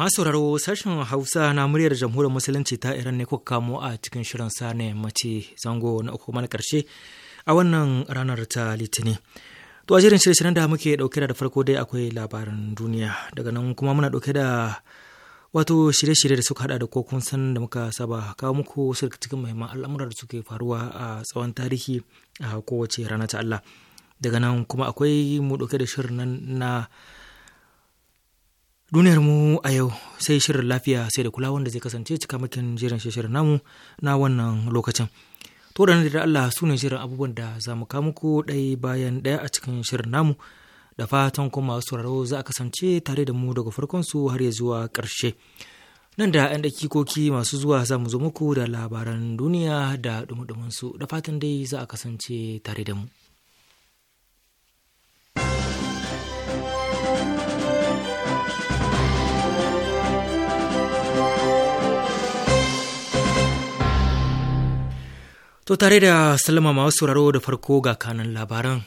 Masu raro sashen Hausa na muryar jamhuriyar Musulunci ta Iran ne kuka kamo a cikin shirin sa ne mace zango na uku mana karshe a wannan ranar ta litini To a shirin shirye da muke dauke da farko dai akwai labaran duniya daga nan kuma muna dauke da wato shirye-shirye da suka hada da kokun san da muka saba kawo muku wasu cikin muhimman al'amuran da suke faruwa a tsawon tarihi a kowace rana ta Allah. Daga nan kuma akwai mu dauke da shirin nan na duniyar mu a yau sai shirin lafiya sai da kula wanda zai kasance cika makin jiran shirin namu na wannan lokacin to da da Allah su ne shirin abubuwan da za mu kawo muku ɗaya bayan ɗaya a cikin shirin namu da fatan kuma masu sauraro za a kasance tare da mu daga farkon su har ya zuwa ƙarshe nan da 'yan dakikoki masu zuwa za mu zo muku da labaran duniya da dumudumin su da fatan dai za a kasance tare da mu To tare da salama masu sauraro da farko ga kanan labaran.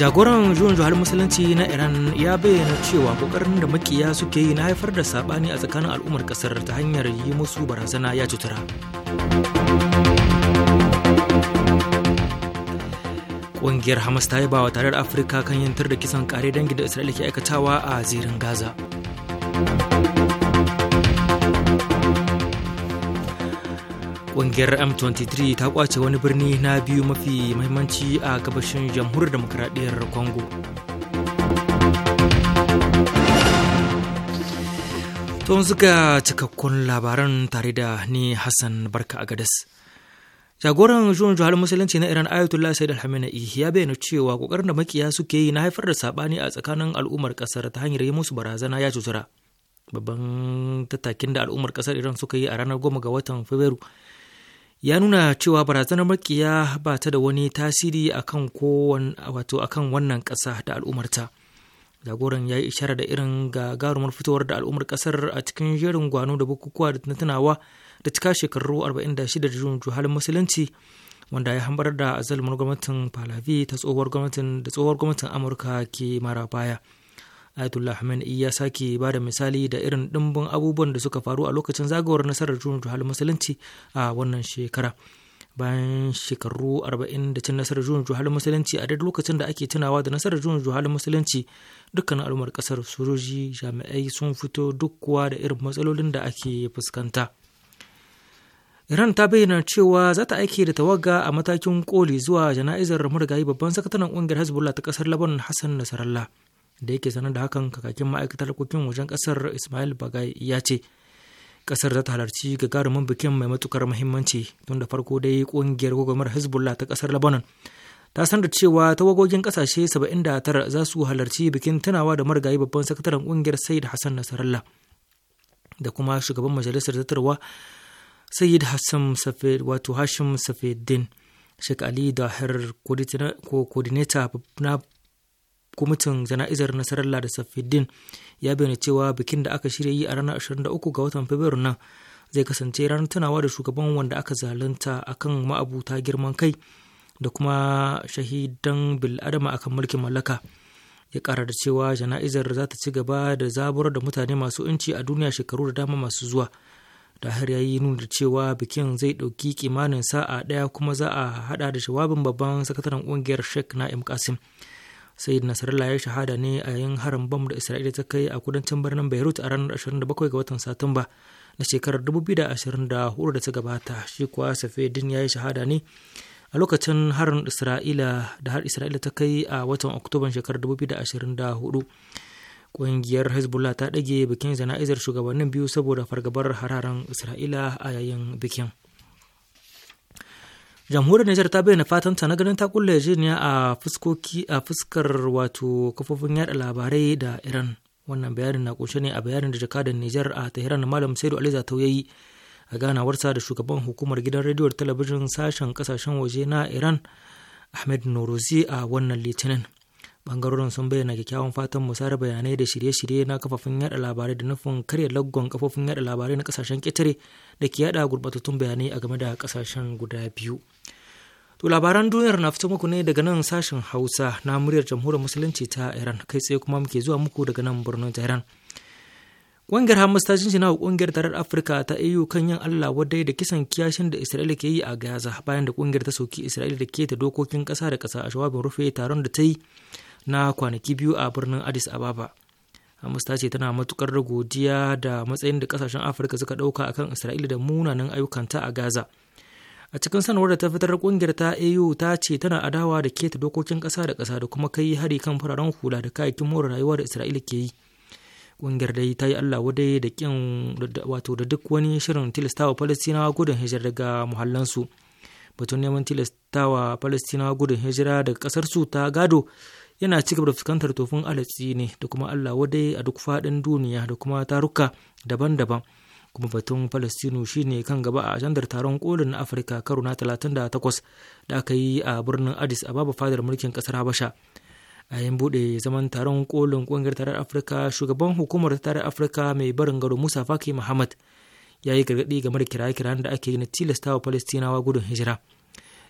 Jagoran juyin juhar musulunci na Iran ya bayyana cewa kokarin da makiya suke yi na haifar da sabani a tsakanin al'ummar kasar ta hanyar yi musu barazana ya cutura. Ƙungiyar Hamas ta yi bawa tarar Afirka kan yantar da kisan kare dangi da Isra'ila ke aikatawa a zirin Gaza. Ƙungiyar M23 ta kwace wani birni na biyu mafi mahimmanci a gabashin jamhuriyar demokradiyyar Congo. Tun suka cikakkun labaran tare da ni Hassan Barka a Gadas. Jagoran Jun Juhal Musulunci na Iran Ayatollah Said Alhamenei ya bayyana cewa ƙoƙarin da makiya suke yi na haifar da saɓani a tsakanin al'ummar ƙasar ta hanyar yi musu barazana ya cutura. babban tattakin da al'ummar kasar iran suka yi a ranar goma ga watan fabrairu ya nuna cewa barazanar makiya ba ta da wani tasiri akan kowan wato akan wannan kasa da al'ummarta jagoran ya yi ishara da irin gagarumar fitowar da al'ummar kasar a cikin jerin gwano da bukukuwa da tunawa da cika shekaru 46 da juhalin musulunci wanda ya hambar da azalmar gwamnatin falavi ta da tsohuwar gwamnatin amurka ke mara baya Ayatullah Khamenei ya sake ba da misali da irin ɗimbin abubuwan da suka faru a lokacin zagawar nasarar juyin juhal musulunci a wannan shekara. Bayan shekaru 40 da cin nasarar juyin juhal musulunci a daidai lokacin da ake tunawa da nasarar juyin juhal musulunci dukkan al'ummar kasar sojoji jami'ai sun fito duk kuwa da irin matsalolin da ake fuskanta. Iran ta bayyana cewa za ta aiki da tawaga a matakin koli zuwa jana'izar marigayi babban sakataren kungiyar Hezbollah ta kasar Lebanon Hassan nasarallah. da yake sanar da hakan kakakin ma'aikatar harkokin wajen kasar ismail bagai ya ce kasar zata ta halarci gagarumin bikin mai matukar muhimmanci tun da farko dai kungiyar gwagwamar hezbollah ta kasar lebanon ta sanar cewa tawagogin kasashe 79 za su halarci bikin tunawa da marigayi babban sakataren kungiyar said hassan nasarallah da kuma shugaban majalisar zatarwa sayid hassan safed wato hashim safeddin Sheikh Ali Dahir coordinator na kwamitin jana'izar nasarar da safiddin ya bayyana cewa bikin da aka shirya yi a ranar 23 ga watan fabrairu nan zai kasance ranar tunawa da shugaban wanda aka zalunta akan ma'abuta girman kai da kuma shahidan bil'adama akan mulkin mallaka ya kara da cewa jana'izar za ta ci gaba da zaburar da mutane masu inci a duniya shekaru da dama masu zuwa da har ya yi nuna da cewa bikin zai ɗauki kimanin sa'a ɗaya kuma za a haɗa da jawabin babban sakataren ƙungiyar sheikh na'im kasim sayyid nasarallah ya shahada ne a yayin harin bom da isra'ila ta kai a kudancin birnin beirut a ranar 27 ga watan satumba na shekarar 2024 da ta gabata shi kuwa safedin ya yi shahada ne a lokacin harin isra'ila da har isra'ila ta kai a watan oktoban shekarar 2024 ƙungiyar hezbollah ta ɗage bikin jana'izar shugabannin biyu saboda fargabar hararen isra'ila a yayin bikin jamhuriyar Nijar ta bayyana fatan ta na ganin ta kulle jiniya a fuskoki a fuskar wato kafofin yada labarai da Iran wannan bayanin na kunshe ne a bayanin da jakadan Nijar a Tehran Malam Saidu Ali Zatau yayi a ganawarsa da shugaban hukumar gidan rediyo da talabijin sashen kasashen waje na Iran Ahmed Norozi a wannan Litinin bangarorin sun bayyana kyakkyawan fatan musayar bayanai da shirye-shirye na kafafin yada labarai da nufin karya laggon kafofin yada labarai na kasashen ƙetare da ke yada gurbatattun bayanai a game da kasashen guda biyu to labaran duniyar na fito muku ne daga nan sashen hausa na muryar jamhuriyar musulunci ta iran kai tsaye kuma muke zuwa muku daga nan birnin tehran Ƙungiyar Hamas ta jinjina wa ƙungiyar tarar Afirka ta EU kan yin Allah wadai da kisan kiyashin da Isra'ila ke yi a Gaza bayan da ƙungiyar ta soki Isra'ila da keta dokokin ƙasa da ƙasa a shawabin rufe taron da ta yi na kwanaki biyu a birnin addis ababa hamas ta ce tana matukar godiya da matsayin da kasashen afirka suka dauka akan isra'ila da munanan ayyukanta a gaza a cikin sanarwar da ta fitar kungiyar ta au ta ce tana adawa da keta dokokin kasa da kasa da kuma kai hari kan fararen hula da kayayyakin more rayuwa da isra'ila ke yi kungiyar dai ta yi Allah wadai da kin wato da duk wani shirin tilastawa palestinawa gudun hijira daga muhallansu. Batun neman tilastawa palestinawa gudun hijira daga kasar su ta gado yana ci gaba da fuskantar tofin alatsi ne da kuma Allah wadai a duk faɗin duniya da kuma taruka daban-daban kuma batun Falastinu shine kan gaba a ajandar taron kolin na Afirka karo na 38 da aka yi a birnin Addis Ababa fadar mulkin kasar Habasha a yin bude zaman taron kolin ƙungiyar tarar Afirka shugaban hukumar tarar Afirka mai barin gado Musa Faki Muhammad ya yi gargaɗi game da kiraye-kirayen da ake yi na tilastawa palestinawa gudun hijira.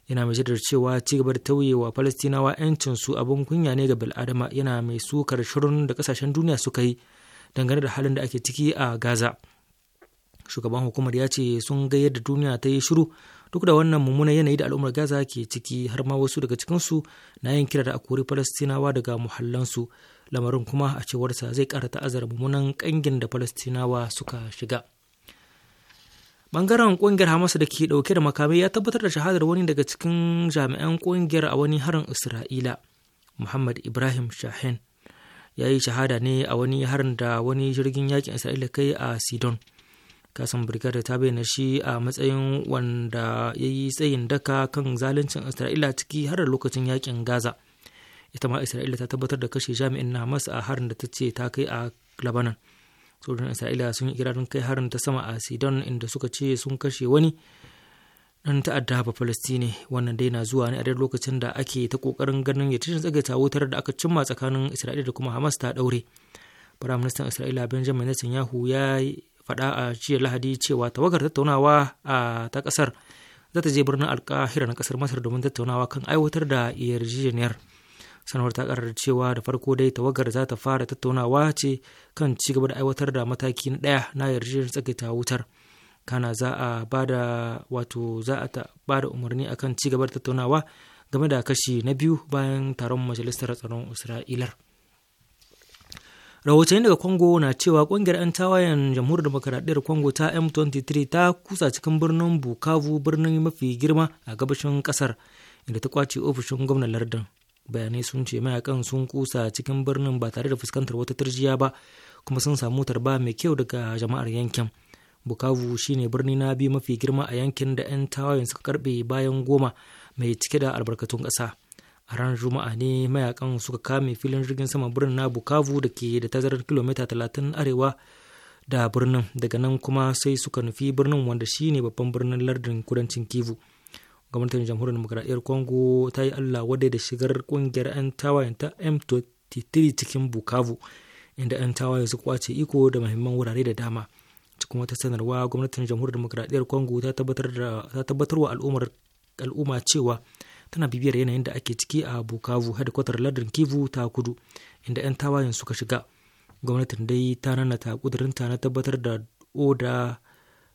yana mai shaidar cewa ci gaba da tauyewa falastinawa 'yancin su abin kunya ne ga bil'adama yana mai sukar shirin da kasashen duniya suka yi dangane da halin da ake ciki a gaza shugaban hukumar ya ce sun ga yadda duniya ta yi shiru duk da wannan mummunan yanayi da al'ummar gaza ke ciki har ma wasu daga cikinsu na yin kira da akori kori falastinawa daga muhallansu lamarin kuma a cewarsa zai ƙara ta'azzara mummunan ƙangin da falastinawa suka shiga bangaren kungiyar hamas da ke dauke da makamai ya tabbatar da shahadar wani daga cikin jami'an kungiyar a wani harin isra'ila muhammad ibrahim shahin ya yi shahada ne a wani harin da wani jirgin yakin isra'ila kai a sidon kasan birgada ta bayyana shi a matsayin wanda ya yi tsayin daka kan zaluncin isra'ila ciki har da lokacin yakin gaza ita ma isra'ila ta tabbatar da kashe jami'in na hamas a harin da ta ce ta kai a labanan sojojin isra'ila sun yi ikirarin kai harin ta sama a sidon inda suka ce sun kashe wani dan ta'adda ba palestine wannan dai na zuwa ne a lokacin da ake ta kokarin ganin ya tashin tsagaita wutar da aka cimma tsakanin isra'ila da kuma hamas ta daure firaministan isra'ila benjamin netanyahu ya faɗa a jiya lahadi cewa tawagar tattaunawa a ta ƙasar zata je birnin alkahira na ƙasar masar domin tattaunawa kan aiwatar da yarjejeniyar sanarwar ta karar cewa da farko dai tawagar za ta fara tattaunawa ce kan ci da aiwatar da mataki na ɗaya na yarjejeniyar tsakaita wutar kana za a bada wato za a bada umarni akan ci gaba da tattaunawa game da kashi na biyu bayan taron majalisar tsaron isra'ilar rahotanni daga congo na cewa kungiyar 'yan tawayen jamhuriyar demokaradiyyar kongo ta m23 ta kusa cikin birnin bukavu birnin mafi girma a gabashin kasar inda ta kwace ofishin gwamnan lardin bayanai sun ce mayakan sun kusa cikin birnin ba tare da fuskantar wata turjiya ba kuma sun samu tarba mai kyau daga jama'ar yankin bukavu shine birni na biyu mafi girma a yankin da 'yan tawayen suka karbe bayan goma mai cike da albarkatun ƙasa a ranar juma'a ne mayakan suka kame filin jirgin sama birnin na bukavu da ke da tazarar kilomita 30 arewa da birnin daga nan kuma sai suka nufi birnin wanda shine babban birnin lardin kudancin kivu gwamnatin jamhuriyar demokradiyyar congo ta yi allah wadai da shigar kungiyar 'yan tawayen ta m23 cikin bukavu inda 'yan tawaye su kwace iko da mahimman wurare da dama cikin wata sanarwa gwamnatin jamhuriyar demokradiyyar congo ta tabbatar wa al'umma cewa tana bibiyar yanayin da ake ciki a bukavu headquarter lardin kivu ta kudu inda 'yan tawayen suka shiga gwamnatin dai ta nanata kudurinta na tabbatar da oda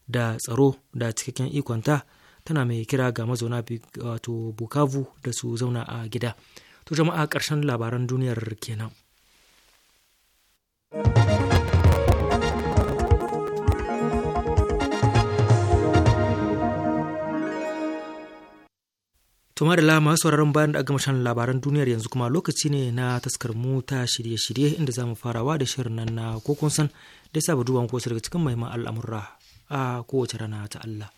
da tsaro da cikakken ikonta tana mai kira ga mazauna wato bukavu da su zauna a gida to jama'a ƙarshen labaran duniyar kenan Tuma da lama sauraron bayan da gama shan labaran duniyar yanzu kuma lokaci ne na taskar mu ta shirye-shirye inda zamu farawa da shirin nan na kokonsan da saba duban wasu daga cikin mahimman al'amurra a kowace rana ta Allah.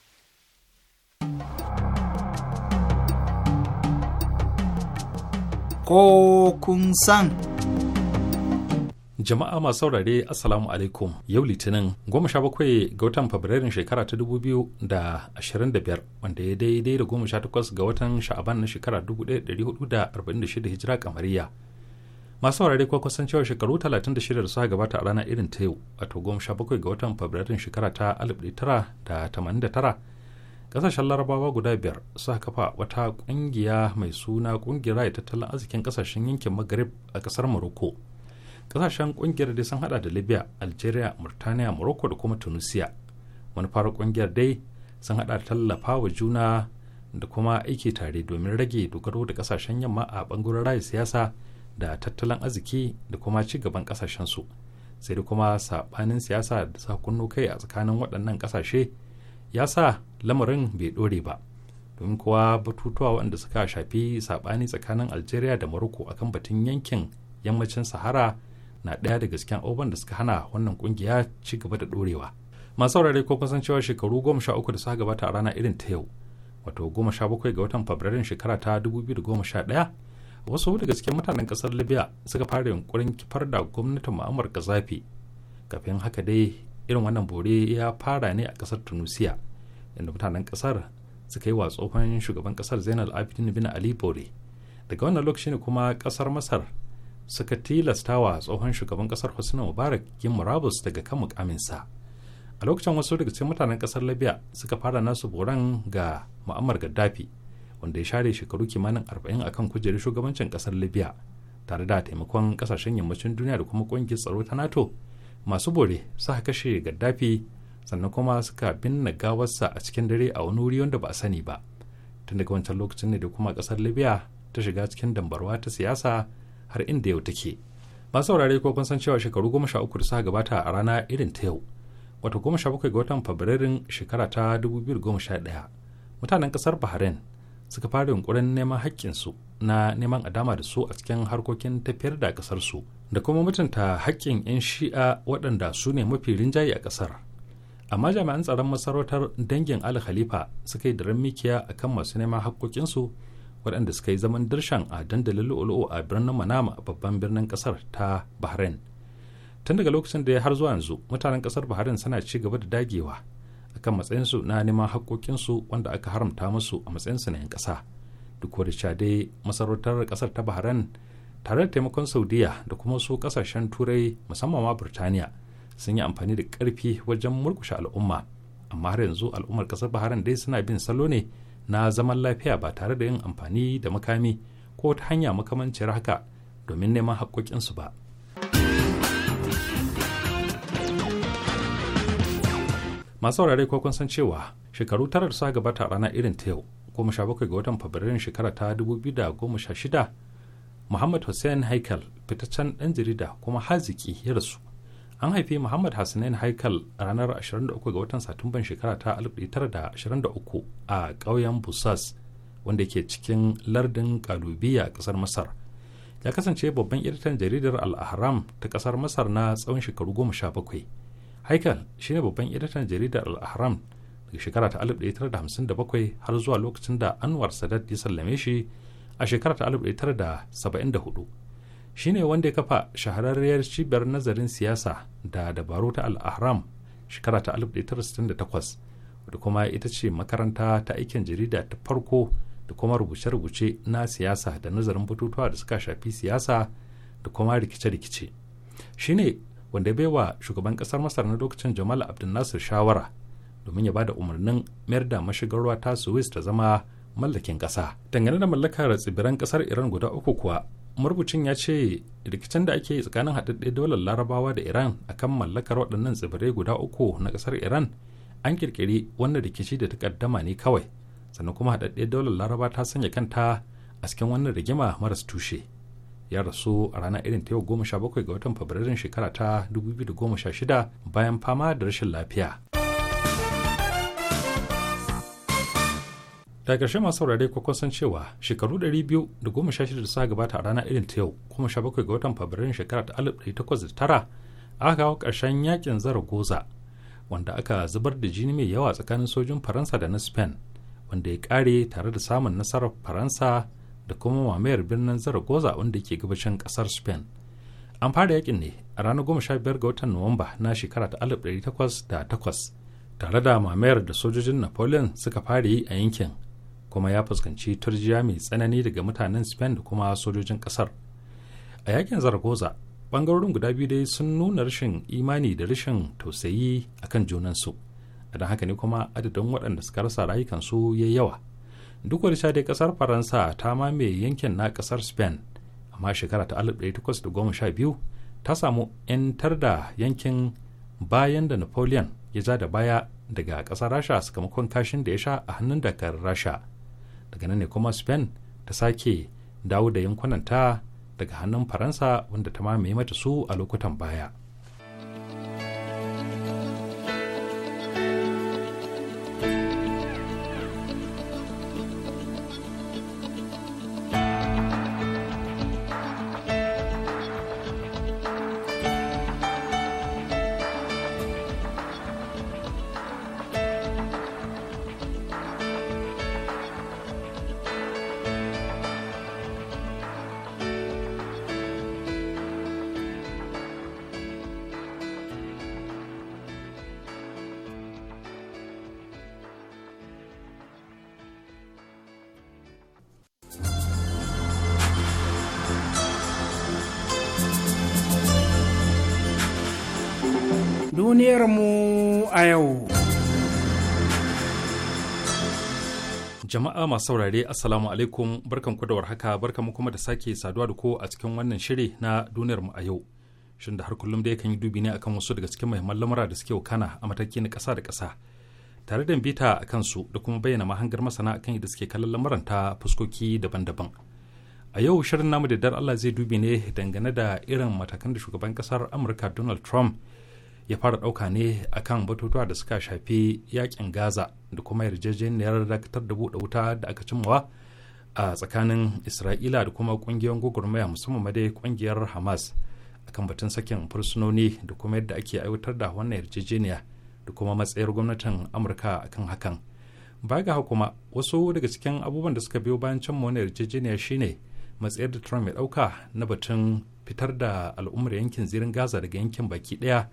Ko kun san. Jama'a masu saurare Assalamu alaikum yau Litinin goma sha bakwai ga watan Fabrairun shekara ta dubu biyu da ashirin da biyar wanda ya daidai da goma sha takwas ga watan sha'aban na shekara dubu ɗaya ɗari hudu da arba'in da shida hijira kamariya. masu saurare ko kusan cewa shekaru talatin da shida da suka gabata a ranar irin ta yau wato goma sha bakwai ga watan fabrairun shekara ta alif da da tara tamanin tara. kasashen larabawa guda biyar suka kafa wata kungiya mai suna kungiyar raya tattalin arzikin kasashen yankin magarib a kasar morocco kasashen kungiyar dai sun hada da libya algeria murtaniya morocco da kuma tunisia manufar kungiyar dai sun hada tallafa wa juna da kuma aiki tare domin rage dogaro da kasashen yamma a bangaren raya siyasa da tattalin arziki da kuma ci gaban kasashen su sai da kuma sabanin siyasa da sa kai a tsakanin waɗannan kasashe ya sa lamarin bai dore ba domin kuwa batutuwa waɗanda suka shafi saɓani tsakanin algeria da morocco akan batun yankin yammacin sahara na ɗaya daga cikin abubuwan da suka hana wannan kungiya ci gaba da dorewa. masu saurare ko kusan cewa shekaru goma sha uku da suka gabata a rana irin ta yau wato goma sha bakwai ga watan fabrairun shekara ta dubu biyu da goma sha ɗaya wasu daga cikin mutanen ƙasar libya suka fara yunkurin kifar da gwamnatin mu'ammar zafi kafin haka dai irin wannan bore ya fara ne a ƙasar tunisia inda mutanen kasar suka yi wa tsohon shugaban kasar zainal abidin bin ali bore daga wannan lokaci ne kuma kasar masar suka tilasta wa tsohon shugaban kasar husna mubarak yin murabus daga kan mukaminsa a lokacin wasu daga cikin mutanen kasar libya suka fara nasu boran ga mu'ammar gaddafi wanda ya share shekaru kimanin arba'in akan kujerar shugabancin kasar libya tare da taimakon kasashen yammacin duniya da kuma kungiyar tsaro ta nato masu bore su kashe gaddafi sannan kuma suka binne gawarsa a cikin dare a wani wuri wanda ba a sani ba tun daga wancan lokacin ne da kuma kasar libya ta shiga cikin dambarwa ta siyasa har inda yau take masu saurare ko kun san cewa shekaru goma uku da suka gabata a rana irin ta yau wato goma bakwai ga watan fabrairun shekara ta dubu biyu ɗaya mutanen kasar bahrain suka fara yunkurin neman haƙƙinsu na neman adama da su a cikin harkokin tafiyar da kasar su da kuma mutunta haƙƙin 'yan shi'a waɗanda su ne mafi rinjaye a ƙasar amma jami'an tsaron masarautar dangin ali khalifa suka yi daren mikiya a kan masu neman haƙƙoƙinsu waɗanda suka yi zaman dirshan a dandalin lu'ulu'u a birnin manama babban birnin ƙasar ta bahrain tun daga lokacin da ya har zuwa yanzu mutanen ƙasar bahrain suna ci gaba da dagewa akan matsayinsu na neman haƙƙoƙinsu wanda aka haramta musu a matsayinsu na 'yan ƙasa duk wani masarautar ƙasar ta bahrain tare da taimakon saudiya da kuma su ƙasashen turai musamman ma burtaniya sun yi amfani da ƙarfi wajen murkushe al'umma amma har yanzu al'ummar ƙasar baharan dai suna bin salo ne na zaman lafiya ba tare da yin amfani da makami ko ta hanya makamancin haka domin neman haƙƙoƙinsu ba masu saurare ko kun san cewa shekaru tara da suka gabata a rana irin ta yau goma sha bakwai ga watan fabrairun shekara ta dubu biyu da goma sha shida muhammad hussein haikal fitaccen ɗan jarida kuma haziki ya rasu an haifi muhammad hassanin haikal ranar 23 ga watan satumban shekara ta 1923 a ƙauyen busas wanda ke cikin lardin kalubiya a ƙasar masar ya kasance babban editan jaridar al-ahram ta ƙasar masar na tsawon shekaru goma sha bakwai haikal shine babban editan jaridar al-ahram daga shekara ta 1957 har zuwa lokacin da anwar sadat ya sallame shi a shekara ta 1974 shine wanda ya kafa shahararriyar cibiyar nazarin siyasa da dabaru ta al'ahram shekara ta 1968 da kuma ita ce makaranta ta aikin jarida ta farko da kuma rubuce-rubuce na siyasa da nazarin bututuwa da suka shafi siyasa da kuma rikice-rikice shine wanda bai wa shugaban kasar masar na lokacin jamal abdul nasir shawara domin ya bada umarnin mayar da mashigar ruwa ta suwis ta zama mallakin kasa dangane da mallakar tsibiran kasar iran guda uku kuwa marubucin ya ce rikicin da ake yi tsakanin haɗaɗɗe daular larabawa da iran akan mallakar waɗannan tsibirai guda uku na ƙasar iran an kirkiri wannan rikici da takaddama ne kawai sannan kuma haɗaɗɗe daular laraba ta sanya kanta a cikin wannan rigima maras tushe ya rasu a ranar irin ta yau goma sha bakwai ga watan fabrairun shekara ta da shida bayan fama da rashin lafiya. da ƙarshe masu saurare ko san cewa shekaru 216 da suka gabata a rana irin ta yau kuma 17 ga watan Fabrairu shekara ta 1809 aka kawo ƙarshen yakin zaragoza wanda aka zubar da jini mai yawa tsakanin sojin faransa da na spain wanda ya ƙare tare da samun nasarar faransa da kuma mamayar birnin zaragoza wanda ke gabashin ƙasar spain an fara yakin ne a ranar biyar ga watan nuwamba na shekara ta 1808 tare da mamayar da sojojin napoleon suka fara yi a yankin kuma ya fuskanci turjiya mai tsanani daga mutanen spain da kuma sojojin kasar a yakin zaragoza bangarorin guda biyu dai sun nuna rashin imani da rashin tausayi a kan junansu a don haka ne kuma adadin waɗanda suka rasa rayukansu ya yi yawa duk wani dai kasar faransa ta mamaye yankin na kasar spain amma shekara ta sha biyu ta samu 'yantar da yankin bayan da napoleon ya za da baya daga kasar rasha sakamakon kashin da ya sha a hannun dakar rasha daga nan ne kuma spain ta sake dawo da yankunanta daga hannun faransa wanda ta mamaye mata su a lokutan baya masu saurare assalamu alaikum barkan ku da warhaka barkan mu kuma da sake saduwa da ko a cikin wannan shiri na duniyar mu a yau shin da har kullum da yakan yi dubi ne akan wasu daga cikin muhimman lamura da suke wakana a mataki na ƙasa da ƙasa tare da bita a kansu da kuma bayyana mahangar masana akan yadda suke kallon lamuran ta fuskoki daban-daban a yau shirin namu da dar Allah zai dubi ne dangane da irin matakan da shugaban ƙasar Amurka Donald Trump ya fara ɗauka ne akan batutuwa da suka shafi yakin gaza da kuma yarjejeniyar dakatar da buɗe wuta da aka cimmawa a tsakanin isra'ila da kuma ƙungiyar gugurmaya musamman ma dai ƙungiyar hamas kan batun sakin fursunoni da kuma yadda ake aiwatar da wannan yarjejeniya da kuma matsayar gwamnatin amurka akan hakan baya ga kuma wasu daga cikin abubuwan da suka biyo bayan cimma wannan yarjejeniya shine matsayar da trump ya ɗauka na batun fitar da al'ummar yankin zirin gaza daga yankin baki ɗaya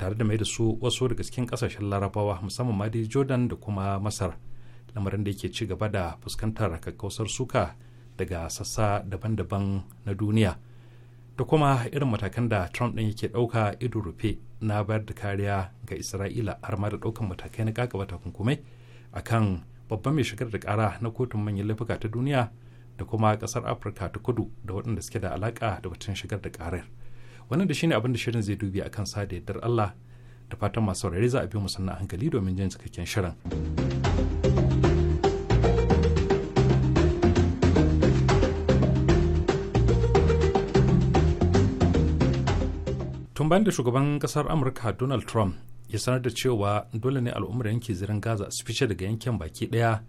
tare da mai da su wasu daga cikin kasashen larabawa musamman ma dai jordan da kuma masar lamarin da yake ci gaba da fuskantar kakkausar suka daga sassa daban-daban na duniya da kuma irin matakan da trump ɗin yake ɗauka ido rufe na bayar da kariya ga isra'ila har ma da ɗaukan matakai na kakaba takunkumai akan babban mai shigar da kara na kotun manyan laifuka ta duniya da kuma ƙasar afirka ta kudu da waɗanda suke da alaka da batun shigar da ƙarar wannan da shine abin da shirin zai dubi akan sa da yardar Allah da fatan masu saurare za a bi mu sannan hankali domin jin cikakken shirin. tun bayan da shugaban kasar amurka donald trump ya sanar da cewa dole ne al'ummar yanki zirin gaza su fice daga yankin baki daya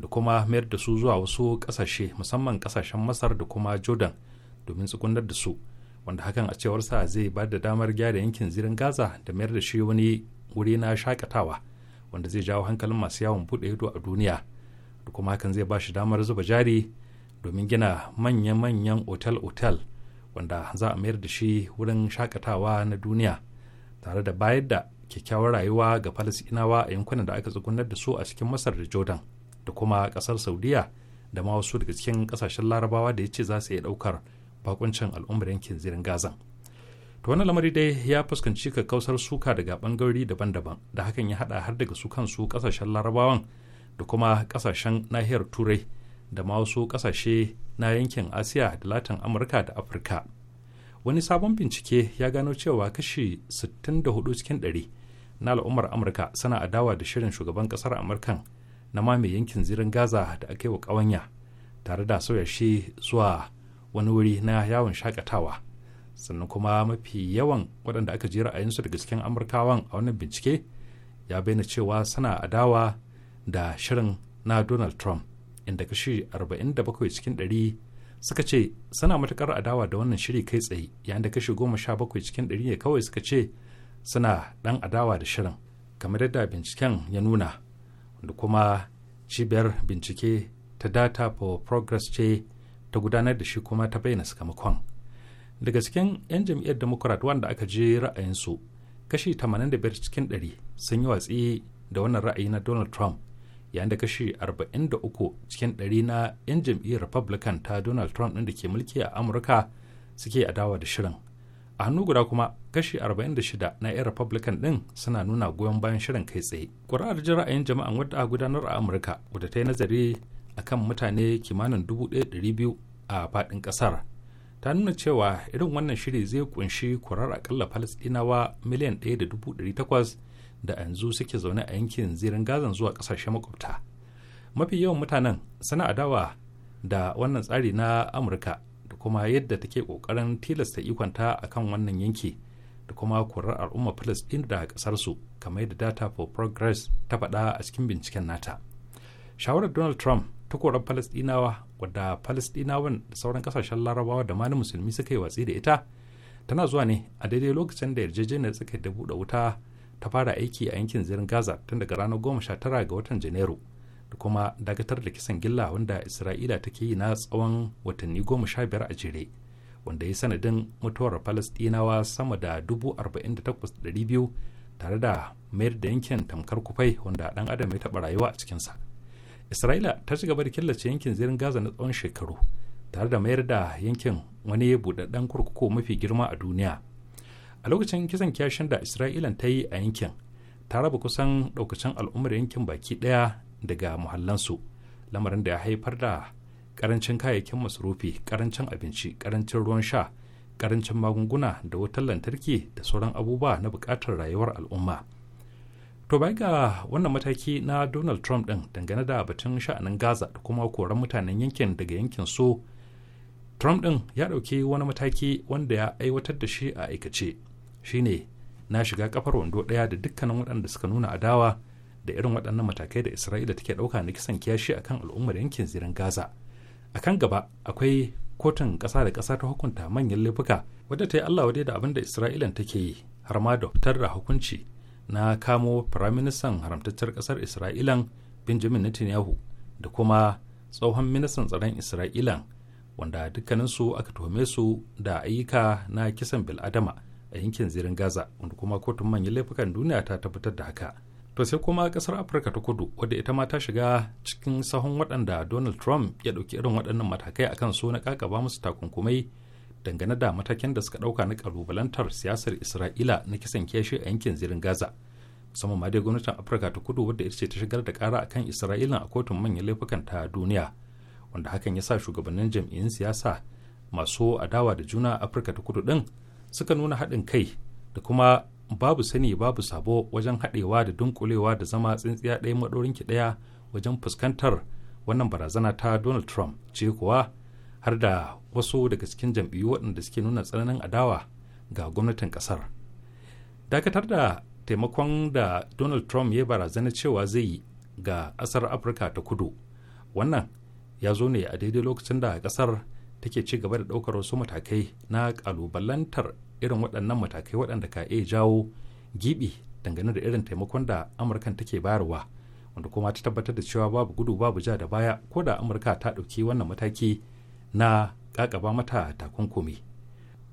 da kuma mayar da su zuwa wasu kasashe musamman kasashen masar da kuma jordan domin tsugunar da su wanda hakan a cewar cewarsa zai ba da damar gyara yankin zirin gaza da mayar da shi wani wuri na shakatawa wanda zai jawo hankalin masu yawon bude ido a duniya da kuma hakan zai ba shi damar zuba jari domin gina manya-manyan otal-otal wanda za a mayar da shi wurin shakatawa na duniya tare da bayar da kyakkyawar rayuwa ga falasinawa a yankunan da aka tsugunar da su a cikin masar da jordan da kuma kasar saudiya da ma wasu daga cikin kasashen larabawa da ya ce za su iya daukar bakuncin al'ummar yankin zirin Gaza to wannan lamari dai ya fuskanci kakkausar suka daga bangarori daban-daban da hakan ya hada har daga su kansu kasashen larabawan da kuma kasashen nahiyar turai da ma wasu kasashe na yankin asiya da latin amurka da afirka wani sabon bincike ya gano cewa kashi 64 cikin 100 na al'ummar amurka suna adawa da shirin shugaban kasar amurkan na mame yankin zirin gaza da aka yi wa ƙawanya tare da sauya shi zuwa wani wuri na yawon shakatawa sannan kuma mafi yawan waɗanda aka ji ra'ayinsu daga cikin amurkawan a wannan bincike ya bayyana cewa suna adawa da shirin na donald trump inda kashi 47 cikin 100 suka ce suna matukar adawa da wannan shiri kai tsaye yayin da kashi 17 cikin 100 ne kawai suka ce suna ɗan adawa da shirin kamar yadda binciken ya nuna da kuma cibiyar bincike ta data for progress ce ta gudanar da shi kuma ta bayyana sakamakon daga cikin 'yan jam'iyyar democrat wanda aka je ra'ayinsu kashi 85 cikin 100 sun yi watsi da wannan ra'ayi na donald trump yayin da kashi 43 cikin 100 na 'yan jam'iyyar republican ta donald trump ɗin da ke mulki a amurka suke adawa da shirin a hannu guda kuma kashi 46 na 'yan republican ɗin suna nuna goyon bayan shirin kai tsaye ƙuri'ar jin ra'ayin jama'an wadda a gudanar a amurka wadda ta yi nazari akan mutane kimanin 1,200 a faɗin ƙasar ta nuna cewa irin wannan shiri zai kunshi kurar akalla Falasɗinawa miliyan ɗaya da dubu ɗari da yanzu suke zaune a yankin zirin gazan zuwa ƙasashe makwabta mafi yawan mutanen suna adawa da wannan tsari na amurka da kuma yadda take ƙoƙarin tilasta ikonta a kan wannan yanki da kuma kurar al'umma falastin da ƙasarsu kamar yadda data for progress ta faɗa a cikin binciken nata shawarar donald trump takwarar palestinawa wadda palestinawan da sauran kasashen larabawa da ma musulmi suka yi watsi da ita tana zuwa ne a daidai lokacin da yarjejeniyar suka da buɗe wuta ta fara aiki a yankin zirin gaza tun daga ranar goma sha tara ga watan janairu da kuma dakatar da kisan gilla wanda isra'ila take yi na tsawon watanni goma sha biyar a jere wanda ya sanadin mutuwar falastinawa sama da dubu arba'in da takwas da biyu tare da mayar da yankin tamkar kufai wanda dan adam ya taɓa rayuwa a cikinsa isra'ila ta ci gaba da killace yankin zirin gaza na tsawon shekaru tare da mayar da yankin wani buɗaɗɗen kurkuku mafi girma a duniya a lokacin kisan kyashin da isra'ilan ta yi a yankin ta raba kusan ɗaukacin al'ummar yankin baki ɗaya daga muhallansu lamarin da ya haifar da ƙarancin kayayyakin masarufi ƙarancin abinci karancin ruwan sha ƙarancin magunguna da wutar lantarki da sauran abubuwa na buƙatar rayuwar al'umma to bai ga wannan mataki na donald trump din dangane da batun sha'anin gaza da kuma koran mutanen yankin daga yankin so trump din ya ɗauki wani mataki wanda ya aiwatar da shi a aikace shine na shiga kafar wando ɗaya da dukkanin waɗanda suka nuna adawa da irin waɗannan matakai da isra'ila take ɗauka na kisan kiyashi akan al'ummar yankin zirin gaza a kan gaba akwai kotun ƙasa da ƙasa ta hukunta manyan laifuka wadda ta yi allah wadai da abin da isra'ilan take yi har ma da fitar da hukunci na kamo firaministan haramtacciyar ƙasar isra'ilan benjamin netanyahu da kuma tsohon ministan tsaron isra'ilan wanda dukkaninsu aka tuhume su da ayyuka na kisan bil'adama a yankin zirin gaza wanda kuma kotun manyan laifukan duniya ta tabbatar da haka to sai kuma kasar afirka ta kudu wadda ita ma ta shiga cikin sahun waɗanda donald trump ya ɗauki irin waɗannan matakai akan kan su na kakaba musu takunkumai dangane da matakin da suka ɗauka na kalubalantar siyasar isra'ila na kisan kiyashi a yankin zirin gaza musamman ma dai gwamnatin afirka ta kudu wadda ita ce ta shigar da kara akan isra'ila a kotun manyan laifukan ta duniya wanda hakan ya sa shugabannin jam'iyyun siyasa masu adawa da juna afirka ta kudu din suka nuna haɗin kai da kuma babu sani babu sabo wajen haɗewa da dunkulewa da zama tsintsiya ɗaya maɗorinki ɗaya wajen fuskantar wannan barazana ta donald trump ce kuwa har da wasu daga cikin jam'iyyu waɗanda suke nuna tsananin adawa ga gwamnatin ƙasar dakatar da taimakon da donald trump ya barazana cewa zai yi ga ƙasar afirka ta kudu wannan ya zo ne a daidai lokacin da ƙasar take ci gaba da ɗaukar wasu matakai na ƙalubalantar irin waɗannan matakai waɗanda ka iya jawo giɓi dangane da irin taimakon da amurkan take bayarwa wanda kuma ta tabbatar da cewa babu gudu babu ja da baya ko da amurka ta ɗauki wannan mataki na kakaba mata takunkumi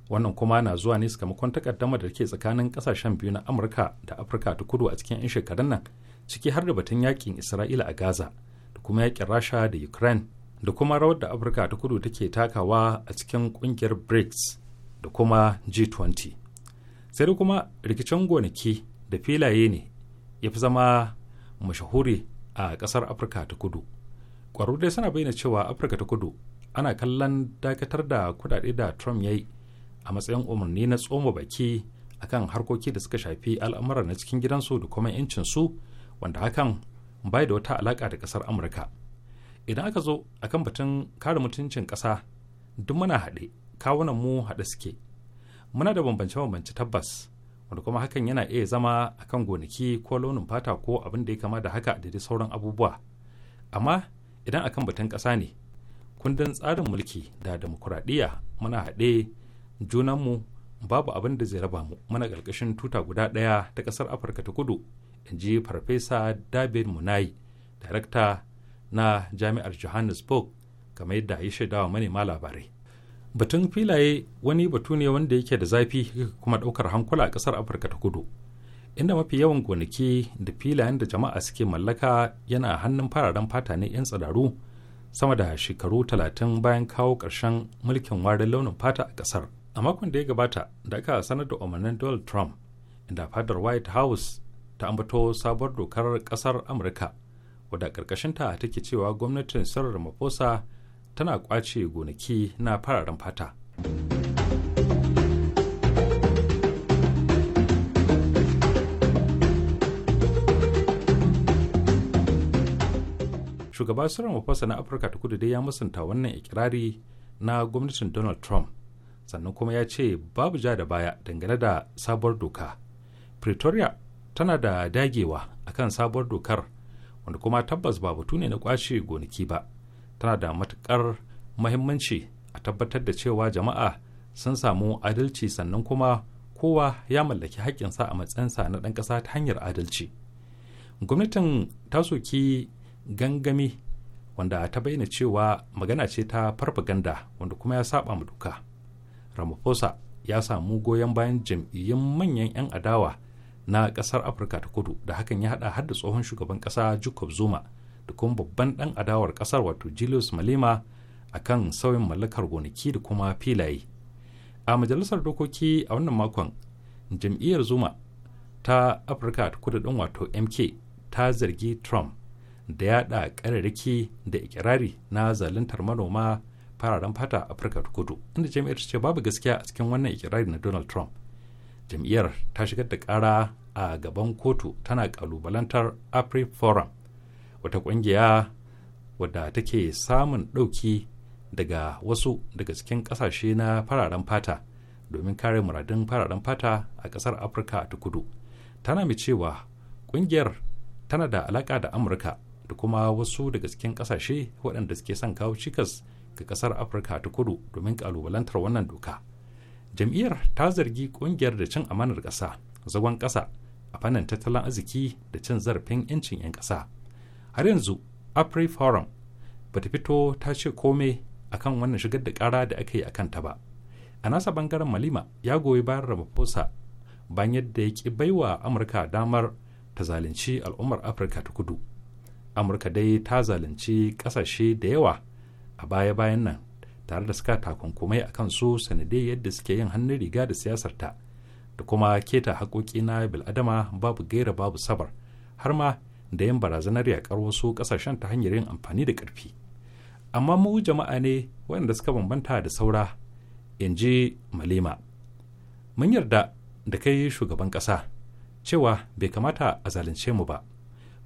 wannan kuma na zuwa ne sakamakon takaddama da ke tsakanin kasashen biyu na amurka da afirka ta kudu a cikin 'yan shekarun nan ciki har da batun yakin isra'ila a gaza da kuma yakin rasha da ukraine da kuma rawar da afirka ta kudu take takawa a cikin kungiyar brics da kuma g20 sai da kuma rikicin gonaki da filaye ne ya fi zama mashahuri a kasar afirka ta kudu ƙwararru dai suna bayyana cewa afirka ta kudu ana kallon dakatar da kudade da trump ya yi a matsayin umarni na tsoma baki akan harkoki da suka shafi al'amura na cikin gidansu da kuma 'yancinsu wanda hakan bai da wata alaka da ƙasar amurka idan aka zo akan batun kare mutuncin ƙasa duk muna haɗe kawunan mu haɗe suke muna da bambance-bambance tabbas wanda kuma hakan yana iya zama akan gonaki ko launin fata ko abin da ya kama da haka da sauran abubuwa amma idan akan batun ƙasa ne kundin tsarin mulki da demokuraɗiyya muna haɗe junanmu babu abin da zai raba mu muna ƙarƙashin tuta guda ɗaya ta ƙasar afirka ta kudu in ji farfesa david munayi darakta na jami'ar johannesburg kamar yadda ya shaida manema labarai batun filaye wani batu ne wanda yake da zafi kuma ɗaukar hankula a ƙasar afirka ta kudu inda mafi yawan gonaki da filayen da jama'a suke mallaka yana hannun fararen fata ne 'yan tsiraru sama da shekaru talatin bayan kawo ƙarshen mulkin warin launin fata a ƙasar a makon da ya gabata da aka sanar da umarnin donald trump inda fadar white house ta ambato sabuwar dokar ƙasar amurka wadda ƙarƙashinta take cewa gwamnatin sarar mafosa tana ƙwace gonaki na fararen fata. shugaba Cyril Ramaphosa na Afirka ta kudu dai ya musanta wannan ikirari na gwamnatin Donald Trump sannan kuma ya ce babu ja da baya dangane da sabuwar doka. Pretoria tana da dagewa akan sabuwar dokar wanda kuma tabbas ba batu ne na kwashe gonaki ba tana da matukar mahimmanci a tabbatar da cewa jama'a sun samu adalci sannan kuma kowa ya mallaki haƙƙinsa a matsayinsa na ɗan ƙasa ta hanyar adalci gwamnatin ta soki gangami wanda ta bayyana cewa magana ce ta farfaganda wanda kuma ya saba mu duka ramaphosa ya samu goyon bayan jam'iyyun manyan 'yan adawa na ƙasar afirka ta kudu da hakan ya haɗa har da tsohon shugaban ƙasa jacob zuma da kuma babban ɗan adawar ƙasar wato julius malema a kan sauyin mallakar gonaki da kuma filaye a majalisar dokoki a wannan makon jam'iyyar zuma ta afirka ta kudu din wato mk ta zargi trump da da kararraki da ikirari na zaluntar manoma fararen fata afirka ta kudu inda jam'iyyar ce babu gaskiya a cikin wannan ikirari na donald trump jam'iyyar ta shigar da ƙara a gaban kotu tana kalubalantar afri forum wata kungiya wadda take samun ɗauki daga wasu daga cikin ƙasashe na fararen fata domin kare muradun fararen fata a ƙasar afirka ta kudu tana mai cewa ƙungiyar tana da alaƙa da amurka da kuma wasu daga cikin kasashe waɗanda suke son kawo cikas ga kasar afirka ta kudu domin kalubalantar wannan doka jam'iyyar ta zargi kungiyar da cin amanar ƙasa zagon ƙasa a fannin tattalin arziki da cin zarafin 'yancin 'yan ƙasa har yanzu afri forum ba ta fito ta ce kome akan wannan shigar da ƙara da aka yi a kanta ba a nasa bangaren malima ya goyi bayan rabafosa bayan yadda ya ki baiwa amurka damar ta zalunci al'ummar afirka ta kudu amurka dai ta zalunci kasashe da yawa a baya-bayan nan tare da suka takunkumai a kan su sanadai yadda suke yin hannun riga da siyasarta da kuma keta haƙoƙi na bil'adama babu gaira babu sabar har ma da yin barazanar yaƙar wasu ƙasashen ta hanyar yin amfani da ƙarfi amma mu jama'a ne waɗanda suka bambanta da saura in ji malema mun yarda da kai shugaban ƙasa cewa bai kamata a zalunce mu ba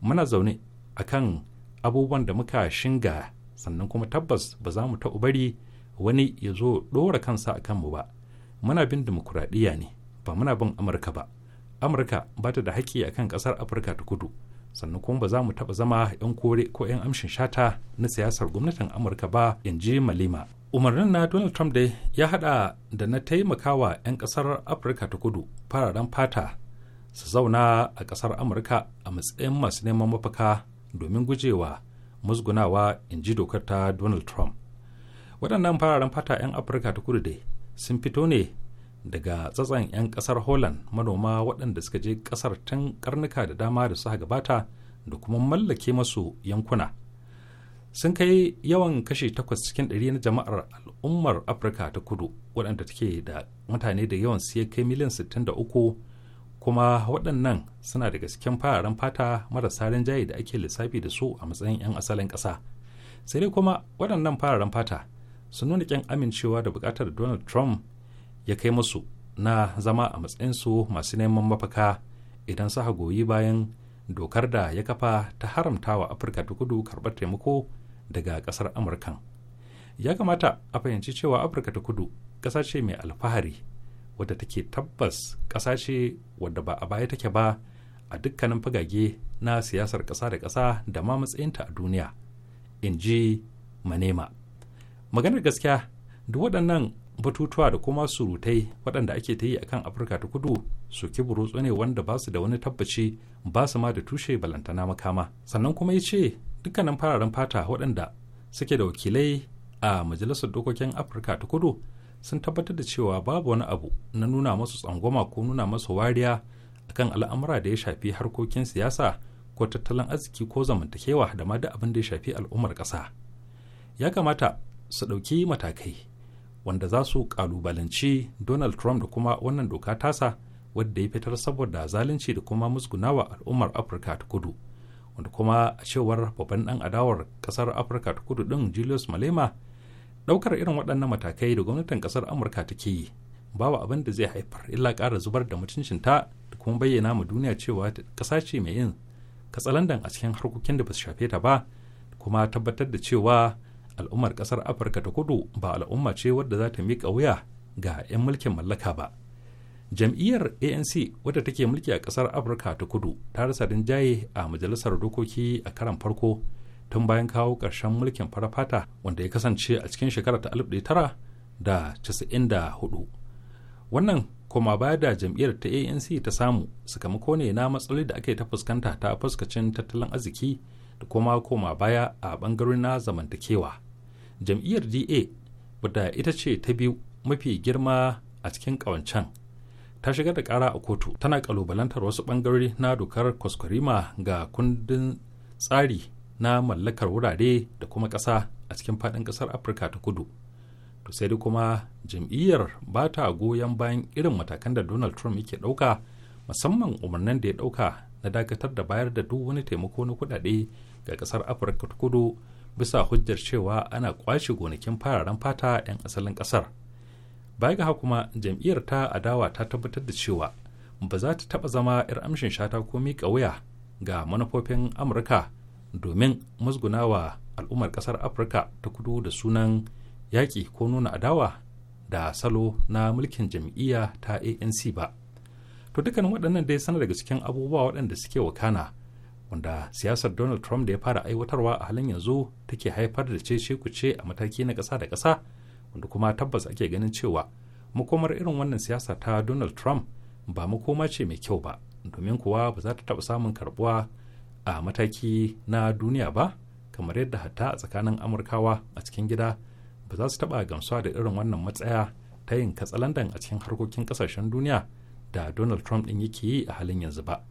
muna zaune a kan abubuwan da muka shinga sannan kuma tabbas ba za mu ta bari wani ya zo ɗora kansa a kanmu ba muna bin dimokuraɗiyya ne ba muna bin amurka ba amurka ba ta da haƙƙi kan ƙasar afirka ta kudu sannan kuma ba za mu taɓa zama 'yan kore ko 'yan amshin shata na siyasar gwamnatin amurka ba in ji malima umarnin na donald trump dai ya haɗa da na taimakawa 'yan ƙasar afirka ta kudu fararen fata su zauna a ƙasar amurka a matsayin masu neman mafaka domin gujewa musgunawa in ji dokar ta donald trump waɗannan fararen fata 'yan afirka ta kudu dai sun fito ne daga tsatsan 'yan ƙasar holland manoma waɗanda suka je ƙasar tun karnuka da dama da suka gabata da kuma mallake masu yankuna sun kai yawan kashe takwas cikin ɗari na jama'ar al'ummar afirka ta kudu waɗanda take da mutane da yawan siya kai miliyan 63 kuma waɗannan suna da gasken fararen fata marasa rinjaye da ake lissafi da su a matsayin 'yan asalin ƙasa sai dai kuma waɗannan fararen fata sun nuna ƙin amincewa da buƙatar donald trump ya kai musu na zama a matsayin su masu neman mafaka idan su goyi bayan dokar da ya kafa ta haramtawa afirka ta kudu karɓar taimako daga ƙasar amurkan ya kamata a fahimci cewa afirka ta kudu ƙasa ce mai alfahari wadda take tabbas ƙasa ce wadda ba a baya take ba a dukkanin fagage na siyasar ƙasa da ƙasa da ma matsayinta a duniya in ji manema maganar gaskiya duk waɗannan batutuwa da kuma surutai waɗanda ake ta yi a kan afirka ta kudu su burutsu ne wanda ba su da wani tabbaci ba su ma da tushe balantana makama sannan kuma ya ce dukkanin fararen fata waɗanda suke da wakilai a majalisar dokokin afirka ta kudu sun tabbatar da cewa babu wani abu na nuna masu tsangwama ko nuna masu wariya akan al'amura da ya shafi harkokin siyasa ko tattalin arziki ko zamantakewa da ma duk abin da ya shafi al'ummar ƙasa ya kamata su ɗauki matakai wanda za su ƙalubalanci donald trump da kuma wannan doka tasa wadda ya fitar saboda zalunci da kuma musgunawa al'ummar afirka ta kudu wanda kuma a cewar babban ɗan adawar ƙasar afirka ta kudu ɗin julius malema daukar irin waɗannan matakai da gwamnatin ƙasar amurka take yi babu abin da zai haifar illa ƙara zubar da mutuncinta da kuma bayyana ma duniya cewa ƙasa ce mai yin katsalandan a cikin harkokin da ba su shafe ta ba kuma tabbatar da cewa al'ummar ƙasar afirka ta kudu ba al'umma ce wadda za ta miƙa wuya ga 'yan mulkin mallaka ba jam'iyyar anc wadda take mulki a ƙasar afirka ta kudu ta rasa rinjaye a majalisar dokoki a karan farko tun bayan kawo ƙarshen mulkin farafata wanda ya kasance a cikin shekarar ta hudu wannan koma baya da jam'iyyar ta anc ta samu sakamako ne na matsaloli da aka ta fuskanta ta fuskacin tattalin arziki da kuma koma baya a bangarorin na zamantakewa jam'iyyar da bada ita ce ta biyu mafi girma a cikin ƙawancen ta shigar da kara a kotu tana kalubalantar wasu bangarori na dokar kwaskwarima ga kundin tsari na mallakar wurare da kuma ƙasa a cikin faɗin ƙasar afirka ta kudu to sai dai kuma jam'iyyar ba ta goyon bayan irin matakan da donald trump yake ɗauka musamman umarnin da ya ɗauka na dakatar da bayar da duk wani taimako na kuɗaɗe ga ƙasar afirka ta kudu bisa hujjar cewa ana kwashe gonakin fararen fata 'yan asalin ƙasar baya ga kuma jam'iyyar ta adawa ta tabbatar da cewa ba za ta taɓa zama 'yar amshin shata ko miƙa wuya ga manufofin amurka domin wa al'ummar kasar afirka ta kudu da sunan yaƙi ko nuna adawa da salo na mulkin jam'iyya ta anc ba to dukkanin waɗannan dai sana daga cikin abubuwa waɗanda suke wakana wanda siyasar donald trump da ya fara aiwatarwa a halin yanzu take haifar da ce kuce a mataki na ƙasa da ƙasa wanda kuma tabbas ake ganin cewa makomar irin wannan siyasa ta donald trump ba makoma ce mai kyau ba domin kuwa ba za ta taɓa samun karɓuwa a mataki na duniya ba kamar yadda hatta a tsakanin amurkawa a cikin gida ba za su taɓa gamsuwa da irin wannan matsaya ta yin katsalandan a cikin harkokin ƙasashen duniya da donald trump ɗin yake yi a halin yanzu ba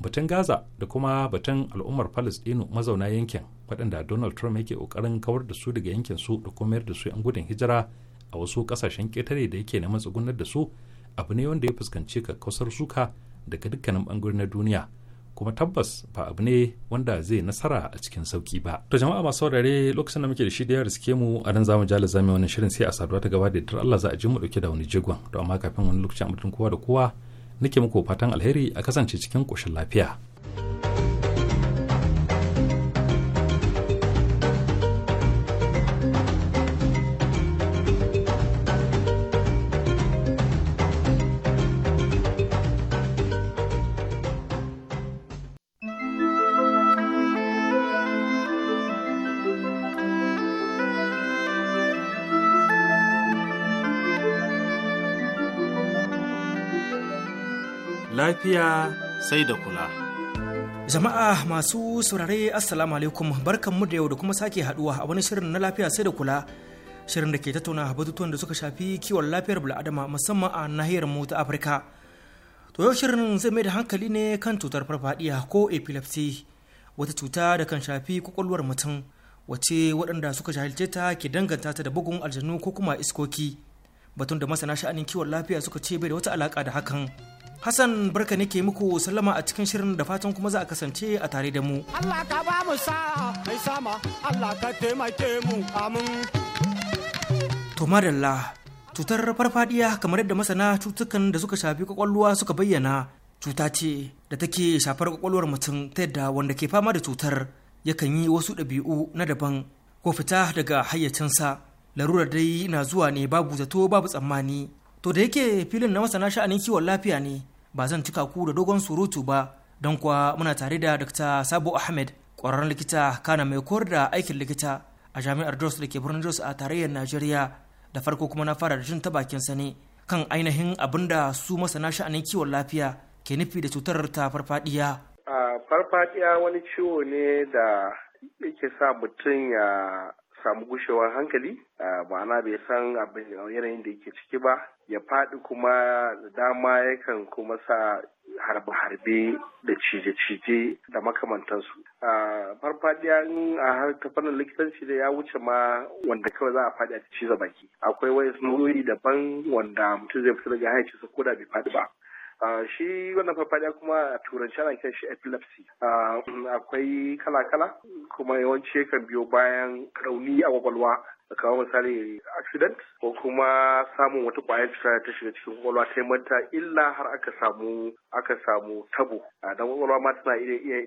batun gaza da kuma batun al'ummar palestino mazauna yankin waɗanda donald trump yake ƙoƙarin kawar da su daga yankin su da kuma da su 'yan gudun hijira a wasu ƙasashen ƙetare da yake neman tsugunar da su abu ne wanda ya fuskanci kakkausar suka daga dukkanin ɓangare na duniya kuma tabbas ba abu ne wanda zai nasara a cikin sauki ba to jama'a masu saurare lokacin da muke da shi da yarda suke mu a nan zamu jala zame wannan shirin sai a saduwa ta gaba da dar Allah za a ji mu dauke da wani jigon to amma kafin wani lokacin mutum kowa da kowa nake muku fatan alheri a kasance cikin koshin lafiya. lafiya sai da kula. Jama'a masu saurare Assalamu alaikum barkanmu da yau da kuma sake haduwa a wani shirin na lafiya sai da kula. Shirin da ke tattauna batutuwan da suka shafi kiwon lafiyar bil'adama musamman a nahiyar mu ta Afirka. To yau shirin zai mai da hankali ne kan cutar farfadiya ko epilepsy wata cuta da kan shafi kwakwalwar mutum wace waɗanda suka jahilce ta ke danganta ta da bugun aljanu ko kuma iskoki batun da masana sha'anin kiwon lafiya suka ce bai da wata alaƙa da hakan Hassan barka nake muku sallama a cikin shirin da fatan kuma za a kasance a tare da mu. Allah ka ba mu sa'a mai sama Allah ka taimake mu amin. To madalla cutar farfadiya kamar yadda masana cutukan da suka shafi kwakwalwa suka bayyana cuta ce da take shafar kwakwalwar mutum ta yadda wanda ke fama da cutar yakan yi wasu ɗabi'u na daban ko fita daga hayyacinsa larurar dai na zuwa ne babu zato babu tsammani to da yake filin na masana sha'anin kiwon lafiya ne ba zan cika ku da dogon surutu ba don kuwa muna tare da Dr. Sabo Ahmed ƙwararren likita kana mai koyar da aikin likita a jami'ar Jos da ke birnin Jos a tarayyar Najeriya da farko kuma na fara jin ta bakin sani kan ainihin abin da su masana sha'anin kiwon lafiya ke nufi da cutar ta farfadiya. farfadiya wani ciwo ne da yake sa mutum ya samu gushewar hankali ma'ana bai san abin yanayin da yake ciki ba ya faɗi kuma dama yakan kuma sa harbe-harbe da cije-cije da makamantansu. farfadiya a har ta fannin likitanci da ya wuce ma wanda kawai za a faɗi a ciza baki akwai wani nau'o'i daban wanda mutum zai fita daga haici su koda bai faɗi ba shi wannan farfariya kuma a turanci ana kiran shi epilepsy akwai kala-kala kuma yawanci yakan biyo bayan rauni a kwakwalwa da kawo misali accident ko kuma samun wata kwayar cuta ta shiga cikin kwakwalwa ta yi mata illa har aka samu aka samu tabo dan kwakwalwa ma iya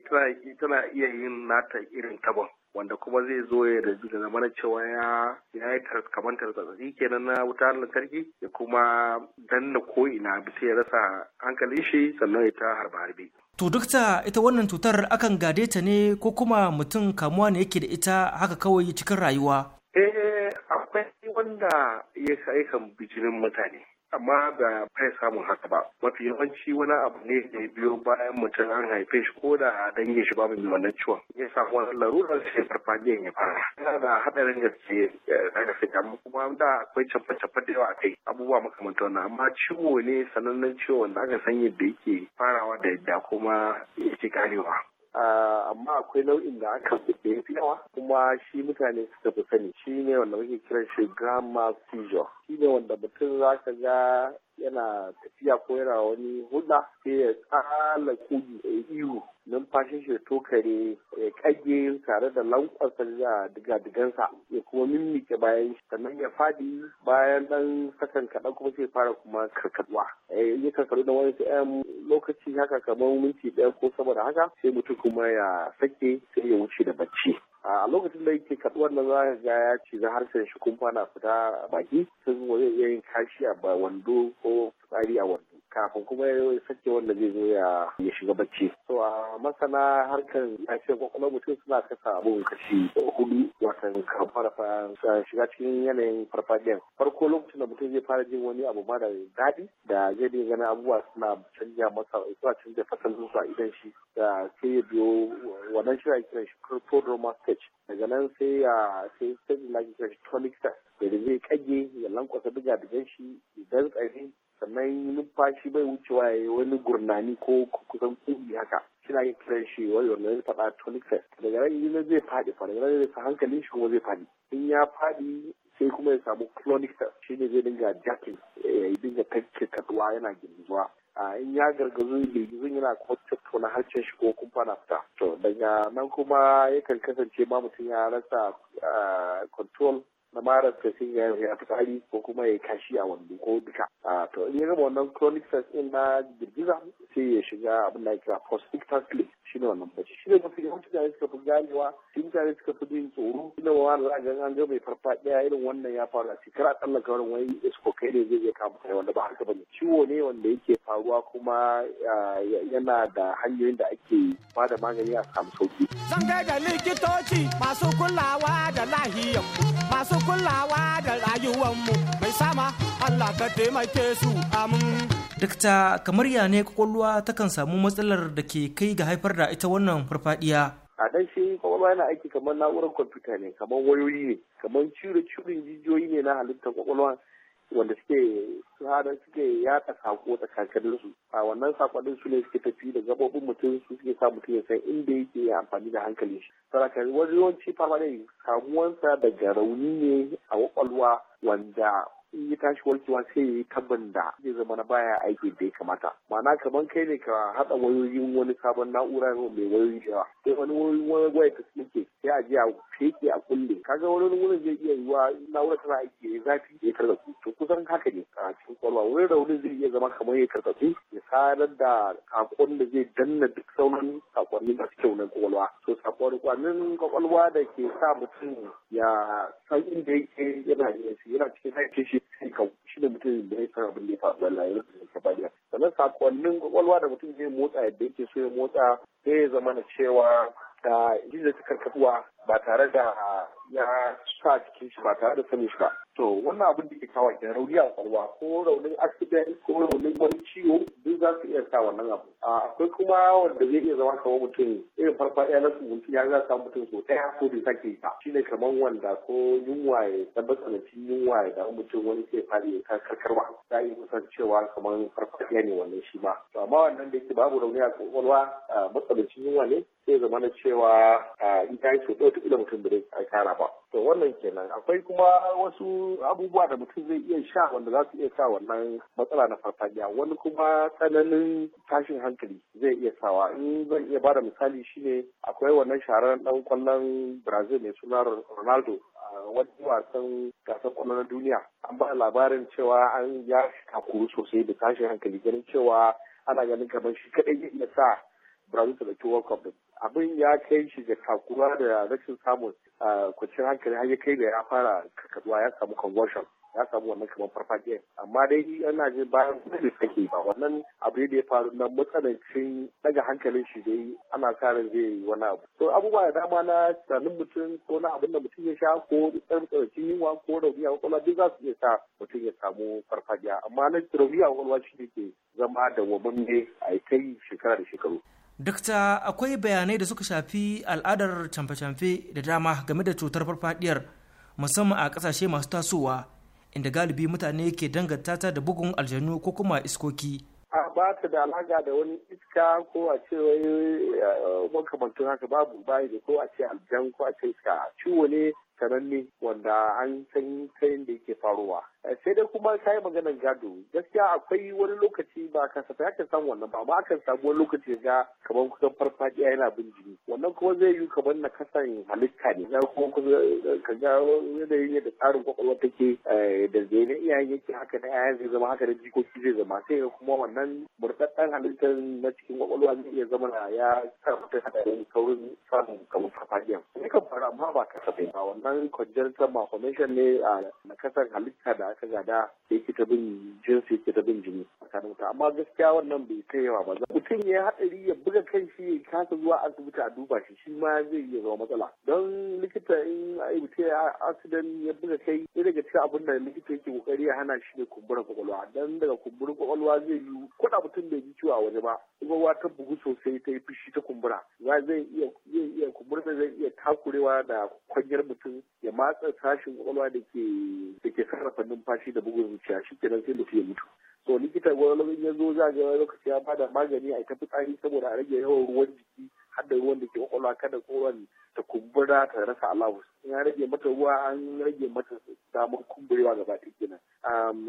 tana iya yin nata irin tabon wanda kuma zai zo ya da zamanin cewa ya yi kamar tarzatsatsi kenan na wutar lantarki ya kuma danna ko ina bisa ya rasa hankalin shi sannan ya ta harba harbe. To duk ta, ita wannan cutar akan gade ta ne ko kuma mutum kamuwa ne yake da ita haka kawai cikin rayuwa? Eh akwai wanda ya kan bijinin mutane. amma ba bai samun haka ba mafi yawanci wani abu ne da ya biyo bayan mutum an haife shi ko da dange shi babu mai wannan ciwon ya samu wani larurar sai farfajiyan ya fara yana da hadarin gaske eh, daga fita kuma da akwai cafa cafa da yawa a kai abubuwa makamantar wannan amma ciwo ne sanannen ciwo da aka san yadda yake farawa da yadda kuma yake karewa Ah, amma akwai nau'in da aka da fi yawa kuma shi mutane suka fi sani shi ne wanda muke kiran shi grandma seizure shi ne wanda mutum za ka ga yana tafiya ko yana wani hulɗa sai ya tsala ihu numfashin shi tokare ya kage tare da lankwasa da diga-digansa ya kuma mimmike bayan shi sannan ya fadi bayan dan sakan kaɗan kuma sai fara kuma karkarwa eh, ya karkaru da wani yan lokaci haka kamar minti ɗaya ko saboda haka sai mutum kuma ya sake sai ya wuce da bacci a lokacin da yake kaduwar nan za ga ya ci za harshen shi kumfa na fita baki sun zai iya yin kashi a wando ko tsari a wando kafin kuma ya sake wanda zai zo ya shiga bacci so a masana harkar lafiyar kwakwalwar mutum suna kasa abun kashi hudu watan kafin shiga cikin yanayin farfadiyan farko lokacin da mutum zai fara jin wani abu mara daɗi da zai dinga ganin abubuwa suna canja masa zuwa canja fasalin su a idan shi da sai ya biyo wannan shi ake kiran shi prodromal stage daga nan sai ya sai stage na kiran shi tonic stage da zai kage ya lankwasa diga digan shi idan tsari sannan numfashi bai wucewa ya yi wani gurnani ko kusan kuɗi haka shina yin kiran shi wani zai faɗa tonic fest daga nan yi zai faɗi fa daga nan zai sa hankalin shi kuma zai faɗi in ya faɗi sai kuma ya samu clonic fest shi ne zai dinga jakin eh, ya dinga tanke kaduwa yana girgizuwa a in ya gargazu girgizun yana kuma tattauna harshen shi ko kuma na fita to daga nan kuma yakan kasance ma mutum ya rasa ah, control na mara sai ya yi fitsari ko kuma ya kashi a wando ko duka to in ya gaba wannan chronic stress din na girgiza sai ya shiga abin da ake kira post sleep shi ne wannan bacci shi mafi yawan mutane suka fi ganewa shi mutane suka fi jin tsoro shi wa wani za a ga an ga mai farfaɗiya irin wannan ya faru a shekara tsalla kawai wani isko kai ne zai iya kama kai wanda ba haka ne ciwo ne wanda yake faruwa kuma yana da hanyoyin da ake ba da magani a samu sauki. Zan kai da likitoci masu kulawa da lahiyar masu kulawa da rayuwar mu mai sama Allah ka taimake su amin. dakta kamar ya ne kwakwalwa kan samu matsalar da ke kai ga haifar da ita wannan farfadiya a ɗan shi kwakwalwa yana aiki kamar na'urar kwamfuta ne kamar wayoyi ne kamar cire curin jijiyoyi ne na halittar kwakwalwa wanda suke hada suke yaɗa sako tsakankanin su a wannan saƙonin su ne suke tafi da gabobin mutum su suke sa mutum ya san inda yake amfani da hankali shi saraka wani yawanci permanent samuwansa daga rauni ne a kwakwalwa wanda in ya tashi warkewa sai ya yi tabban da zai zama na baya aiki da ya kamata ma'ana kamar kai ne ka haɗa wayoyin wani sabon na'ura mai wayoyi da yawa sai wani wani waya ta tsinke sai a jiya ke a kulle kaga wani wurin zai iya yiwa na'urar tana aiki ya zafi ya karkatu to kusan haka ne a cikin kwalwa wani raunin zai iya zama kamar ya su ya sadar da kakon da zai danna duk sauran kakonni masu kyau na kwalwa to sakonnin kwakwalwa da ke sa mutum ya san inda yake yana yana cikin haifin shi sai ka shi da mutum da ya san abin da ya faru da ya ka bada sannan sakonnin kwakwalwa da mutum zai motsa yadda yake so ya motsa sai ya zama na cewa ah, da inda ta karkatuwa ba tare da ya sa cikin shi ba tare da sani shi ba to wannan abin da ke kawo ke rauni a kwalwa ko raunin accident ko raunin wani ciwo duk za su iya sa wannan abu akwai kuma wanda zai iya zama kamar mutum irin farfaɗiya na sumunci ya za samu mutum so ɗaya ko bai sake ba shine kamar wanda ko yunwa ya tabbatar da yunwa ya damu mutum wani ke fari ya ba za yi kusan cewa kamar farfaɗiya ne wannan shi ma to amma wannan da yake babu rauni a kwakwalwa matsalancin yunwa ne sai zama na cewa in ta yi wataƙila mutum bai a ƙara ba to wannan kenan akwai kuma wasu abubuwa da mutum zai iya sha wanda za su iya sa wannan matsala na farfadiya wani kuma tsananin tashin hankali zai iya sawa in zan iya bada misali shine akwai wannan shahararren dan kwallon brazil mai suna ronaldo a wani wasan gasar kwallo na duniya an ba labarin cewa an ya takuru sosai da tashin hankali ganin cewa ana ganin kamar shi kadai ya iya sa brazil ta da world cup abin ya kai shi ga takura da rashin samun ah, kwacin hankali har ya kai da ya fara kakaduwa ya samu convulsion ya samu wannan kamar farfajiya amma dai ana jin bayan da take ba wannan abu da ya faru na matsanancin daga hankalin shi dai ana sa ran zai yi wani abu to abubuwa da dama na tunanin mutum ko na abin da mutum ya sha ko tsarkakacin yunwa ko rauni a kwakwalwa duk za su iya sa mutum ya samu farfajiya amma na rauni a kwakwalwa shi ne ke zama da wabin ne a kai shekara da shekaru. dakta akwai bayanai da suka shafi al'adar camfe-camfe da dama game da cutar farfadiyar musamman a kasashe masu tasowa inda galibi mutane ke danganta ta da bugun aljanu ko kuma iskoki a ba ta da alaƙa da wani iska ko a ce wani eh, makamantar haka babu bayi da ko a ce aljan ko a ce iska ciwo ne sananne wanda an san sayin da yake faruwa eh, sai dai kuma ka yi maganar gado gaskiya akwai wani lokaci ba kasafai akan samu wannan ba amma akan samu wani lokaci ga kamar kusan farfajiya yana bin jini wannan kuma zai yi kamar na kasan halitta ne za kuma eh, ka ga yanayin yadda tsarin kwakwalwa take eh, da zai na iyayen yake haka na yayan zai zama haka na jikoki zai zama sai ga kuma wannan murɗaɗɗen halittar na cikin kwakwalwa zai iya zama na ya sa mutum hadarin saurin samun kamar farfadiyan. kan faru amma ba kasafai ba wannan kamar congenital malformation ne a nakasar halitta da aka gada da ke ta bin jinsi ke ta bin jini kanin ta amma gaskiya wannan bai kai yawa ba mutum ya haɗari ya buga kan shi ya kasa zuwa asibiti a duba shi shi ma zai iya zama matsala don likita in mutum ya accident ya buga kai ya daga cikin abin da likita yake kokari ya hana shi ne kumburin kwakwalwa don daga kumburin kwakwalwa zai yi da mutum bai ji ciwo a waje ba kwakwalwa ta bugu sosai ta yi fushi ta kumbura za zai iya kumbura zai iya takurewa da kwanyar mutum ya matsa sashin kwakwalwa da ke da ke sarrafa numfashi da bugun zuciya shi kenan sai mutum ya mutu so likita gwamnati ya zo za ga lokaci ya bada magani a tafi tsari saboda a rage yawan ruwan jiki har da ruwan da ke kwakwalwa kada koran ta kumbura ta rasa alawu in an rage mata ruwa an rage mata damar kumburewa gaba ɗaya kenan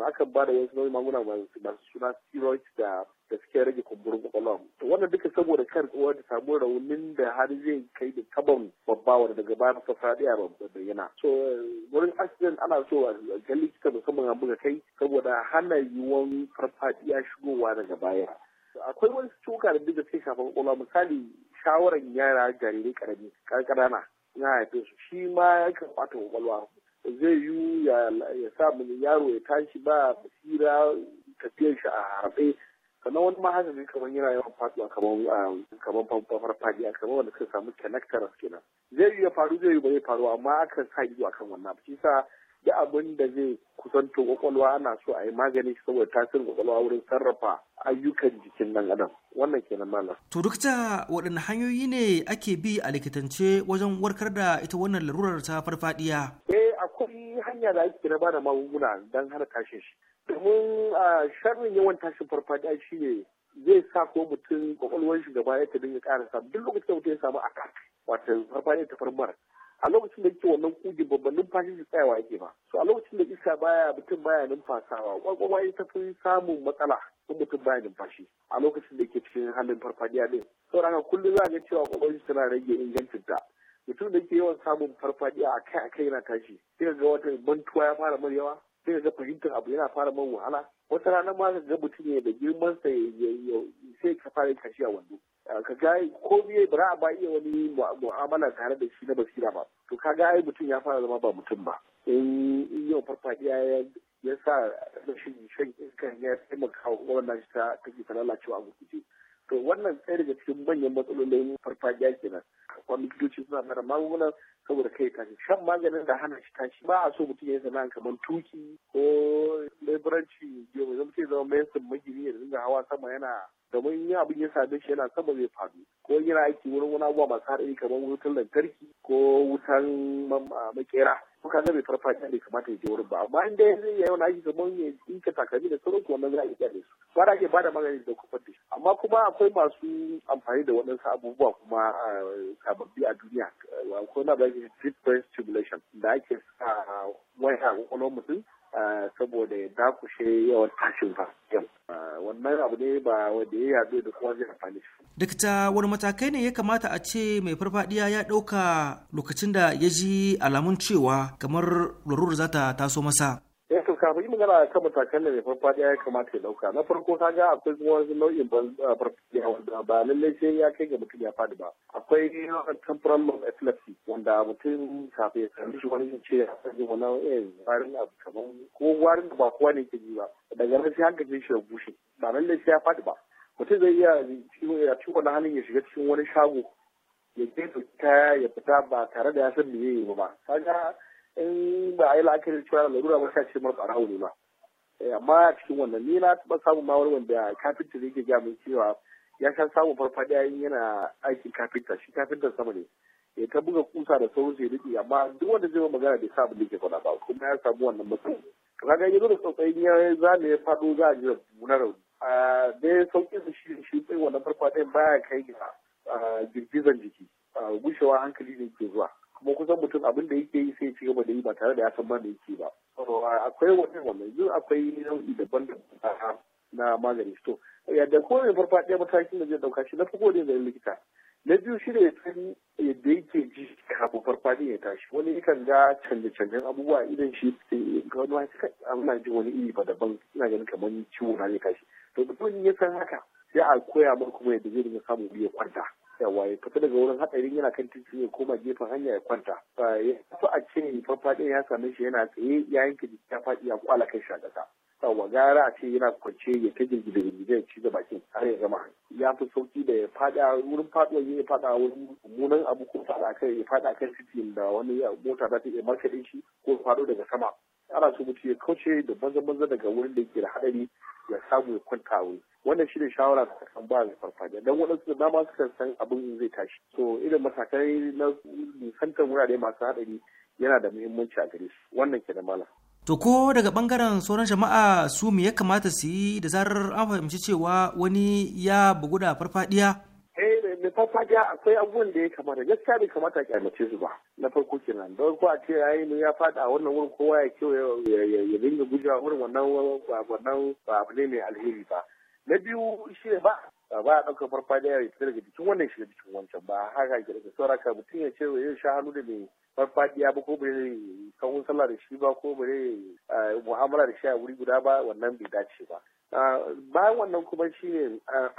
aka ba da wasu nau'in magunguna masu suna steroid da da suke rage kumburin kwakwalwa wannan duka saboda kar kowa ta samu raunin da har zai kai da taban babba wanda daga baya ta fadiya ba bayyana so wurin accident ana so a ga likita musamman a buga kai saboda hana yiwuwan farfaɗiya shigowa daga baya akwai wani cuka da duk da suke shafan kwakwalwa misali shawarar yara jarirai karami karkara na haife su shi ma ya kan kwata kwakwalwa zai yi ya sa mini yaro ya tashi ba basira tafiyar shi a harfe sannan wani ma haka kamar yana yawan fatuwa kamar ah, kamar farfadiya kamar wanda suka samu connector kenan zai ya faru zai yi ba zai faru amma akan sa ido akan wannan shi sa da abin da zai kusanto kwakwalwa ana so a yi magani saboda tasirin kwakwalwa wurin sarrafa ayyukan jikin nan adam wannan kenan malam. to dukta waɗanne hanyoyi ne ake bi a likitance wajen warkar da ita wannan larurar ta farfadiya. eh akwai hanya da ake na ba da magunguna don hana tashin shi domin sharrin yawan tashin farfadiya shi ne zai sa ko mutum kwakwalwar shi gaba ya ta dinga ƙara samu duk lokacin da mutum ya samu attack wato farfadiya ta farmar a lokacin da yake wannan kugin babban numfashi shi tsayawa yake ba so a lokacin da iska baya mutum baya numfasawa kwakwalwa ita fi samun matsala in mutum baya numfashi a lokacin da ke cikin halin farfadiya din saboda haka kullum za a ga cewa kwakwalwa tana rage ingancin ta mutum da ke yawan samun farfadiya a kai a kai yana tashi sai ga wata mantuwa ya fara mar yawa sai ga fahimtar abu yana fara man wahala wata rana ma ga mutum ne da girman sa sai ka fara kashi a wando ka ga ko biye ba ba iya wani mu'amala tare da shi na basira ba to ka ga ai mutum ya fara zama ba mutum ba in yau farfadiya ya sa rashin shan iskan ya taimaka wa wannan shi ta take ta lalacewa a gurguje to wannan tsaye daga cikin manyan matsalolin farfadiya kenan wani likitoci suna mara magunguna. saboda kai tashi shan maganin da hana shi tashi ba a so mutum ya zama kamar tuki ko leburanci yau zama ce zama mai sun magini ya dinga hawa sama yana domin in abin ya same shi yana sama zai faɗi ko yana aiki wurin wani abubuwa masu haɗari kamar wutan lantarki ko wutan makera kuka kaga bai farfaɗi ne kamata ya je wurin ba amma inda zai yi yawan aiki kamar ya tsinka takami da sauran kuma nan za a iya da su ba da ake ba da magani da kufar da shi amma kuma akwai masu amfani da waɗansu abubuwa kuma sababbi a duniya akwai na da yin deep brain stimulation da ake sa waya a mutum saboda ya dakushe yawan tashin fasken. Wannan abu ne ba wanda ya yaɗu da kuma zai amfani shi. Dakta wani matakai ne ya kamata a ce mai farfadiya ya ɗauka lokacin da ya ji alamun cewa kamar lurur za ta taso masa. kafin yi magana kan matakan da mai farfadiya ya kamata ya dauka na farko ka ga akwai kuma wasu nau'in ah, farfadiya wanda ba lallai sai ya kai ga mutum ya fadi ba akwai temporal epilepsy wanda mutum kafin ya sami shi wani ce ya sami wani warin abu kamar ko warin da ba kowa ne ke ji ba daga nan sai hankali shi ya bushe ba lallai sai ya fadi ba mutum zai iya ya ci wani halin ya shiga cikin wani shago ya je ta ya fita ba tare da ya san me ya yi ba ga in ba a yi la'akari cewa da larura ba sai ce mara tsara ne ba eh, amma a cikin wannan ni na taɓa samun ma wani wanda kafinta zai gaya min cewa ya sha samun farfaɗiya in yana aikin kafinta shi kafinta sama ne ya ta buga kusa da sauran sai riƙe amma duk wanda zai magana bai sa abin da ke faɗa ba kuma ya samu wannan matsayi kaga yanzu da tsautsayin ya zame ya faɗo za a ji na rauni a da sauƙi su shi shi tsayin wannan farfaɗiyan baya kai ga girgizan jiki gushewa hankali ne ke zuwa kuma kusan mutum abin da yake yi sai ci gaba da yi ba tare da ya san ba da yake ba akwai wani wannan yanzu akwai nau'i daban da na magani to yadda kowane farfaɗiya matakin da zai ɗauka shi na farko ne zai likita na biyu shi ne yadda yake ji kafin farfadi ya tashi wani kan ga canje-canjen abubuwa idan shi wani ana ji wani iri ba daban ina ganin kamar ciwo na ne kashi to mutum ya san haka sai a koya ma kuma yadda zai dinga samun biyan kwanta yawa ya fita daga wurin hatsarin yana kan titi ya koma gefen hanya ya kwanta ya fi a ce farfaɗin ya same shi yana tsaye ya yanke jiki ya faɗi ya kwala kai shi a ƙasa yawa gara a ce yana kwance ya ta girgida girgida ya ci da bakin har ya gama ya fi sauki da ya faɗa wurin faɗuwa ya faɗa wurin mummunan abu ko faɗa kai ya faɗa kan titi da wani mota za ta iya markaɗe shi ko faɗo daga sama ana so mutum ya kauce da banza banza daga wurin da yake da hadari ya samu ya kwanta a wuri wannan shi ne shawara da kan ba mai farfajiya dan waɗansu da dama suka san abin zai tashi so irin matakai na nisantar wurare masu hadari yana da muhimmanci a gare su wannan ke da mala. To ko daga bangaren sauran jama'a su me ya kamata su yi da zarar an fahimci cewa wani ya bugu da farfadiya farfajiya akwai abubuwan da ya kamata gaskiya bai kamata ki amince su ba na farko kenan don ko a ce yayi ne ya fada a wannan wurin kowa ya kiwo ya dinga gujewa wurin wannan wannan ba abu ne mai alheri ba na biyu shi ba ba ba a ɗaukar farfajiya ya fita daga cikin wannan shiga cikin wancan ba haka ki daga saura ka mutum ya ce ya sha hannu da mai farfadiya ba ko ba zai kawun sallah da shi ba ko ba zai eh, mu'amala da shi a wuri guda ba wannan bai dace ba ah, bayan wannan kuma shi ne ah,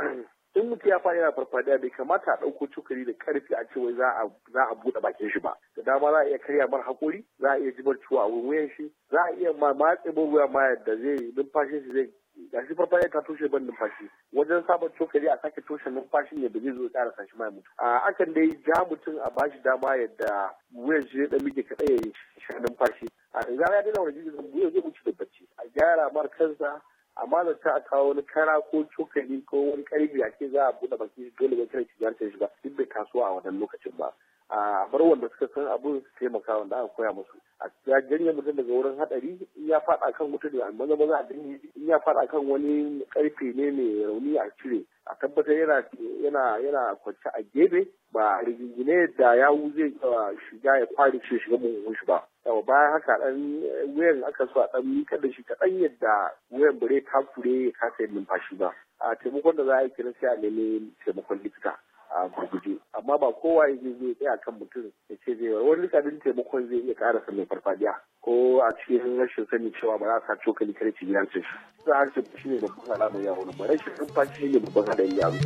in mutum ya fara yana farfadiya bai kamata a ɗauko cokali da karfi a cewa za a buɗe bakin shi ba da dama za a iya karya mar hakori. za a iya jibar ciwo a wuyan shi za a iya ma matse ruwa ma yadda zai numfashin shi zai ga shi farfadiya ta toshe ban numfashi wajen sabon cokali a sake toshe numfashin da zai zo ya ƙara sashi ya mutu a akan dai ja mutum a bashi dama yadda wuyan shi zai ɗan ka kaɗai ya sha numfashi a idan ya daina wani jirgin buɗe zai wuce da bacci a gyara mar kansa amma da ta a kawo wani kara ko cokali ko wani karfi a ce za a buɗe baki dole ba kira shigar ta shiga duk bai kasuwa a wannan lokacin ba a bar wanda suka san abin su taimaka wanda aka koya musu a ya janye mutum daga wurin hadari in ya fada kan mutum da maza maza a dinne in ya fada kan wani karfe ne mai rauni a cire a tabbatar yana yana yana kwance a gebe ba rigingine da ya zai shiga ya kwari ce shiga mun shi ba yawa bayan haka dan wayan aka so a dan mika da shi kaɗan yadda wayan bare ta fure ka kasa numfashi ba a taimakon da za a yi kiran sai a nemi taimakon likita a gurguje amma ba kowa ya je zai tsaya kan mutum ya ce zai wani kadin taimakon zai iya ƙara mai farfadiya ko a cikin rashin sani cewa ba za a sa cokali kare ci gidan cin za a ce shi ne kuma alamar yaro ba rashin numfashi shi ne babban alamar yaro.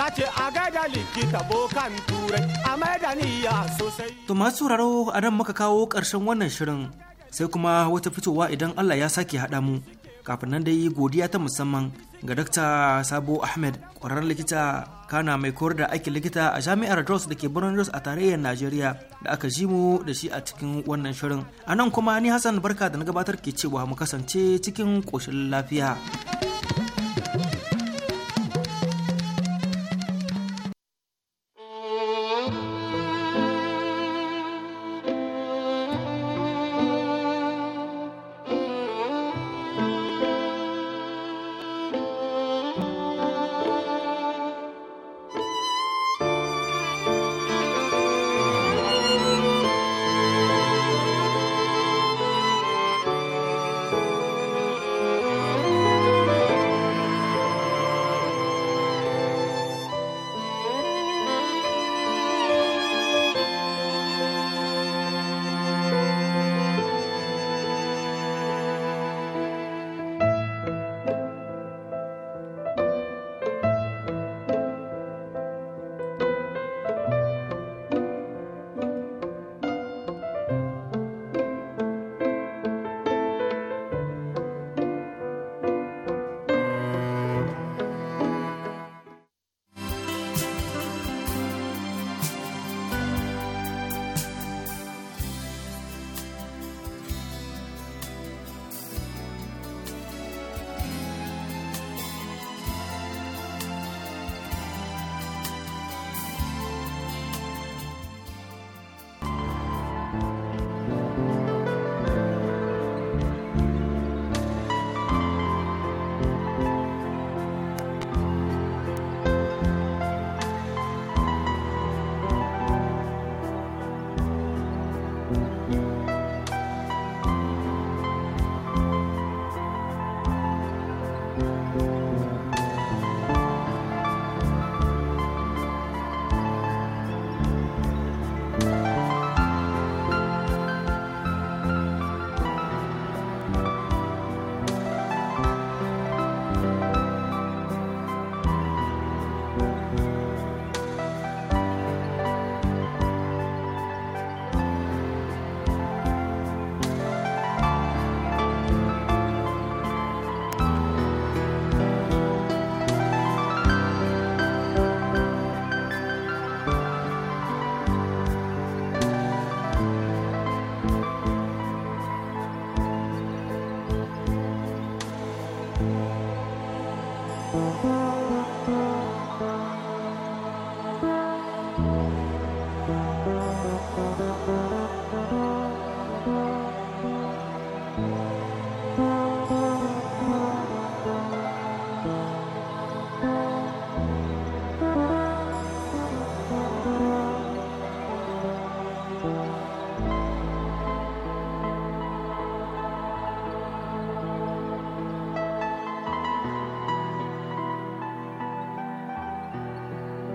na ce a gaida likita bokan turai a maida niyya sosai. to masu sauraro a nan muka kawo ƙarshen wannan shirin sai kuma wata fitowa idan Allah ya sake haɗa mu kafin nan dai godiya ta musamman ga Dr. Sabo Ahmed ƙwararren likita kana mai koyar da aikin likita a jami'ar Jos da ke birnin Jos a tarayyar Najeriya da aka ji mu da shi a cikin wannan shirin. A nan kuma ni Hassan Barka da na gabatar ke cewa mu kasance cikin koshin lafiya.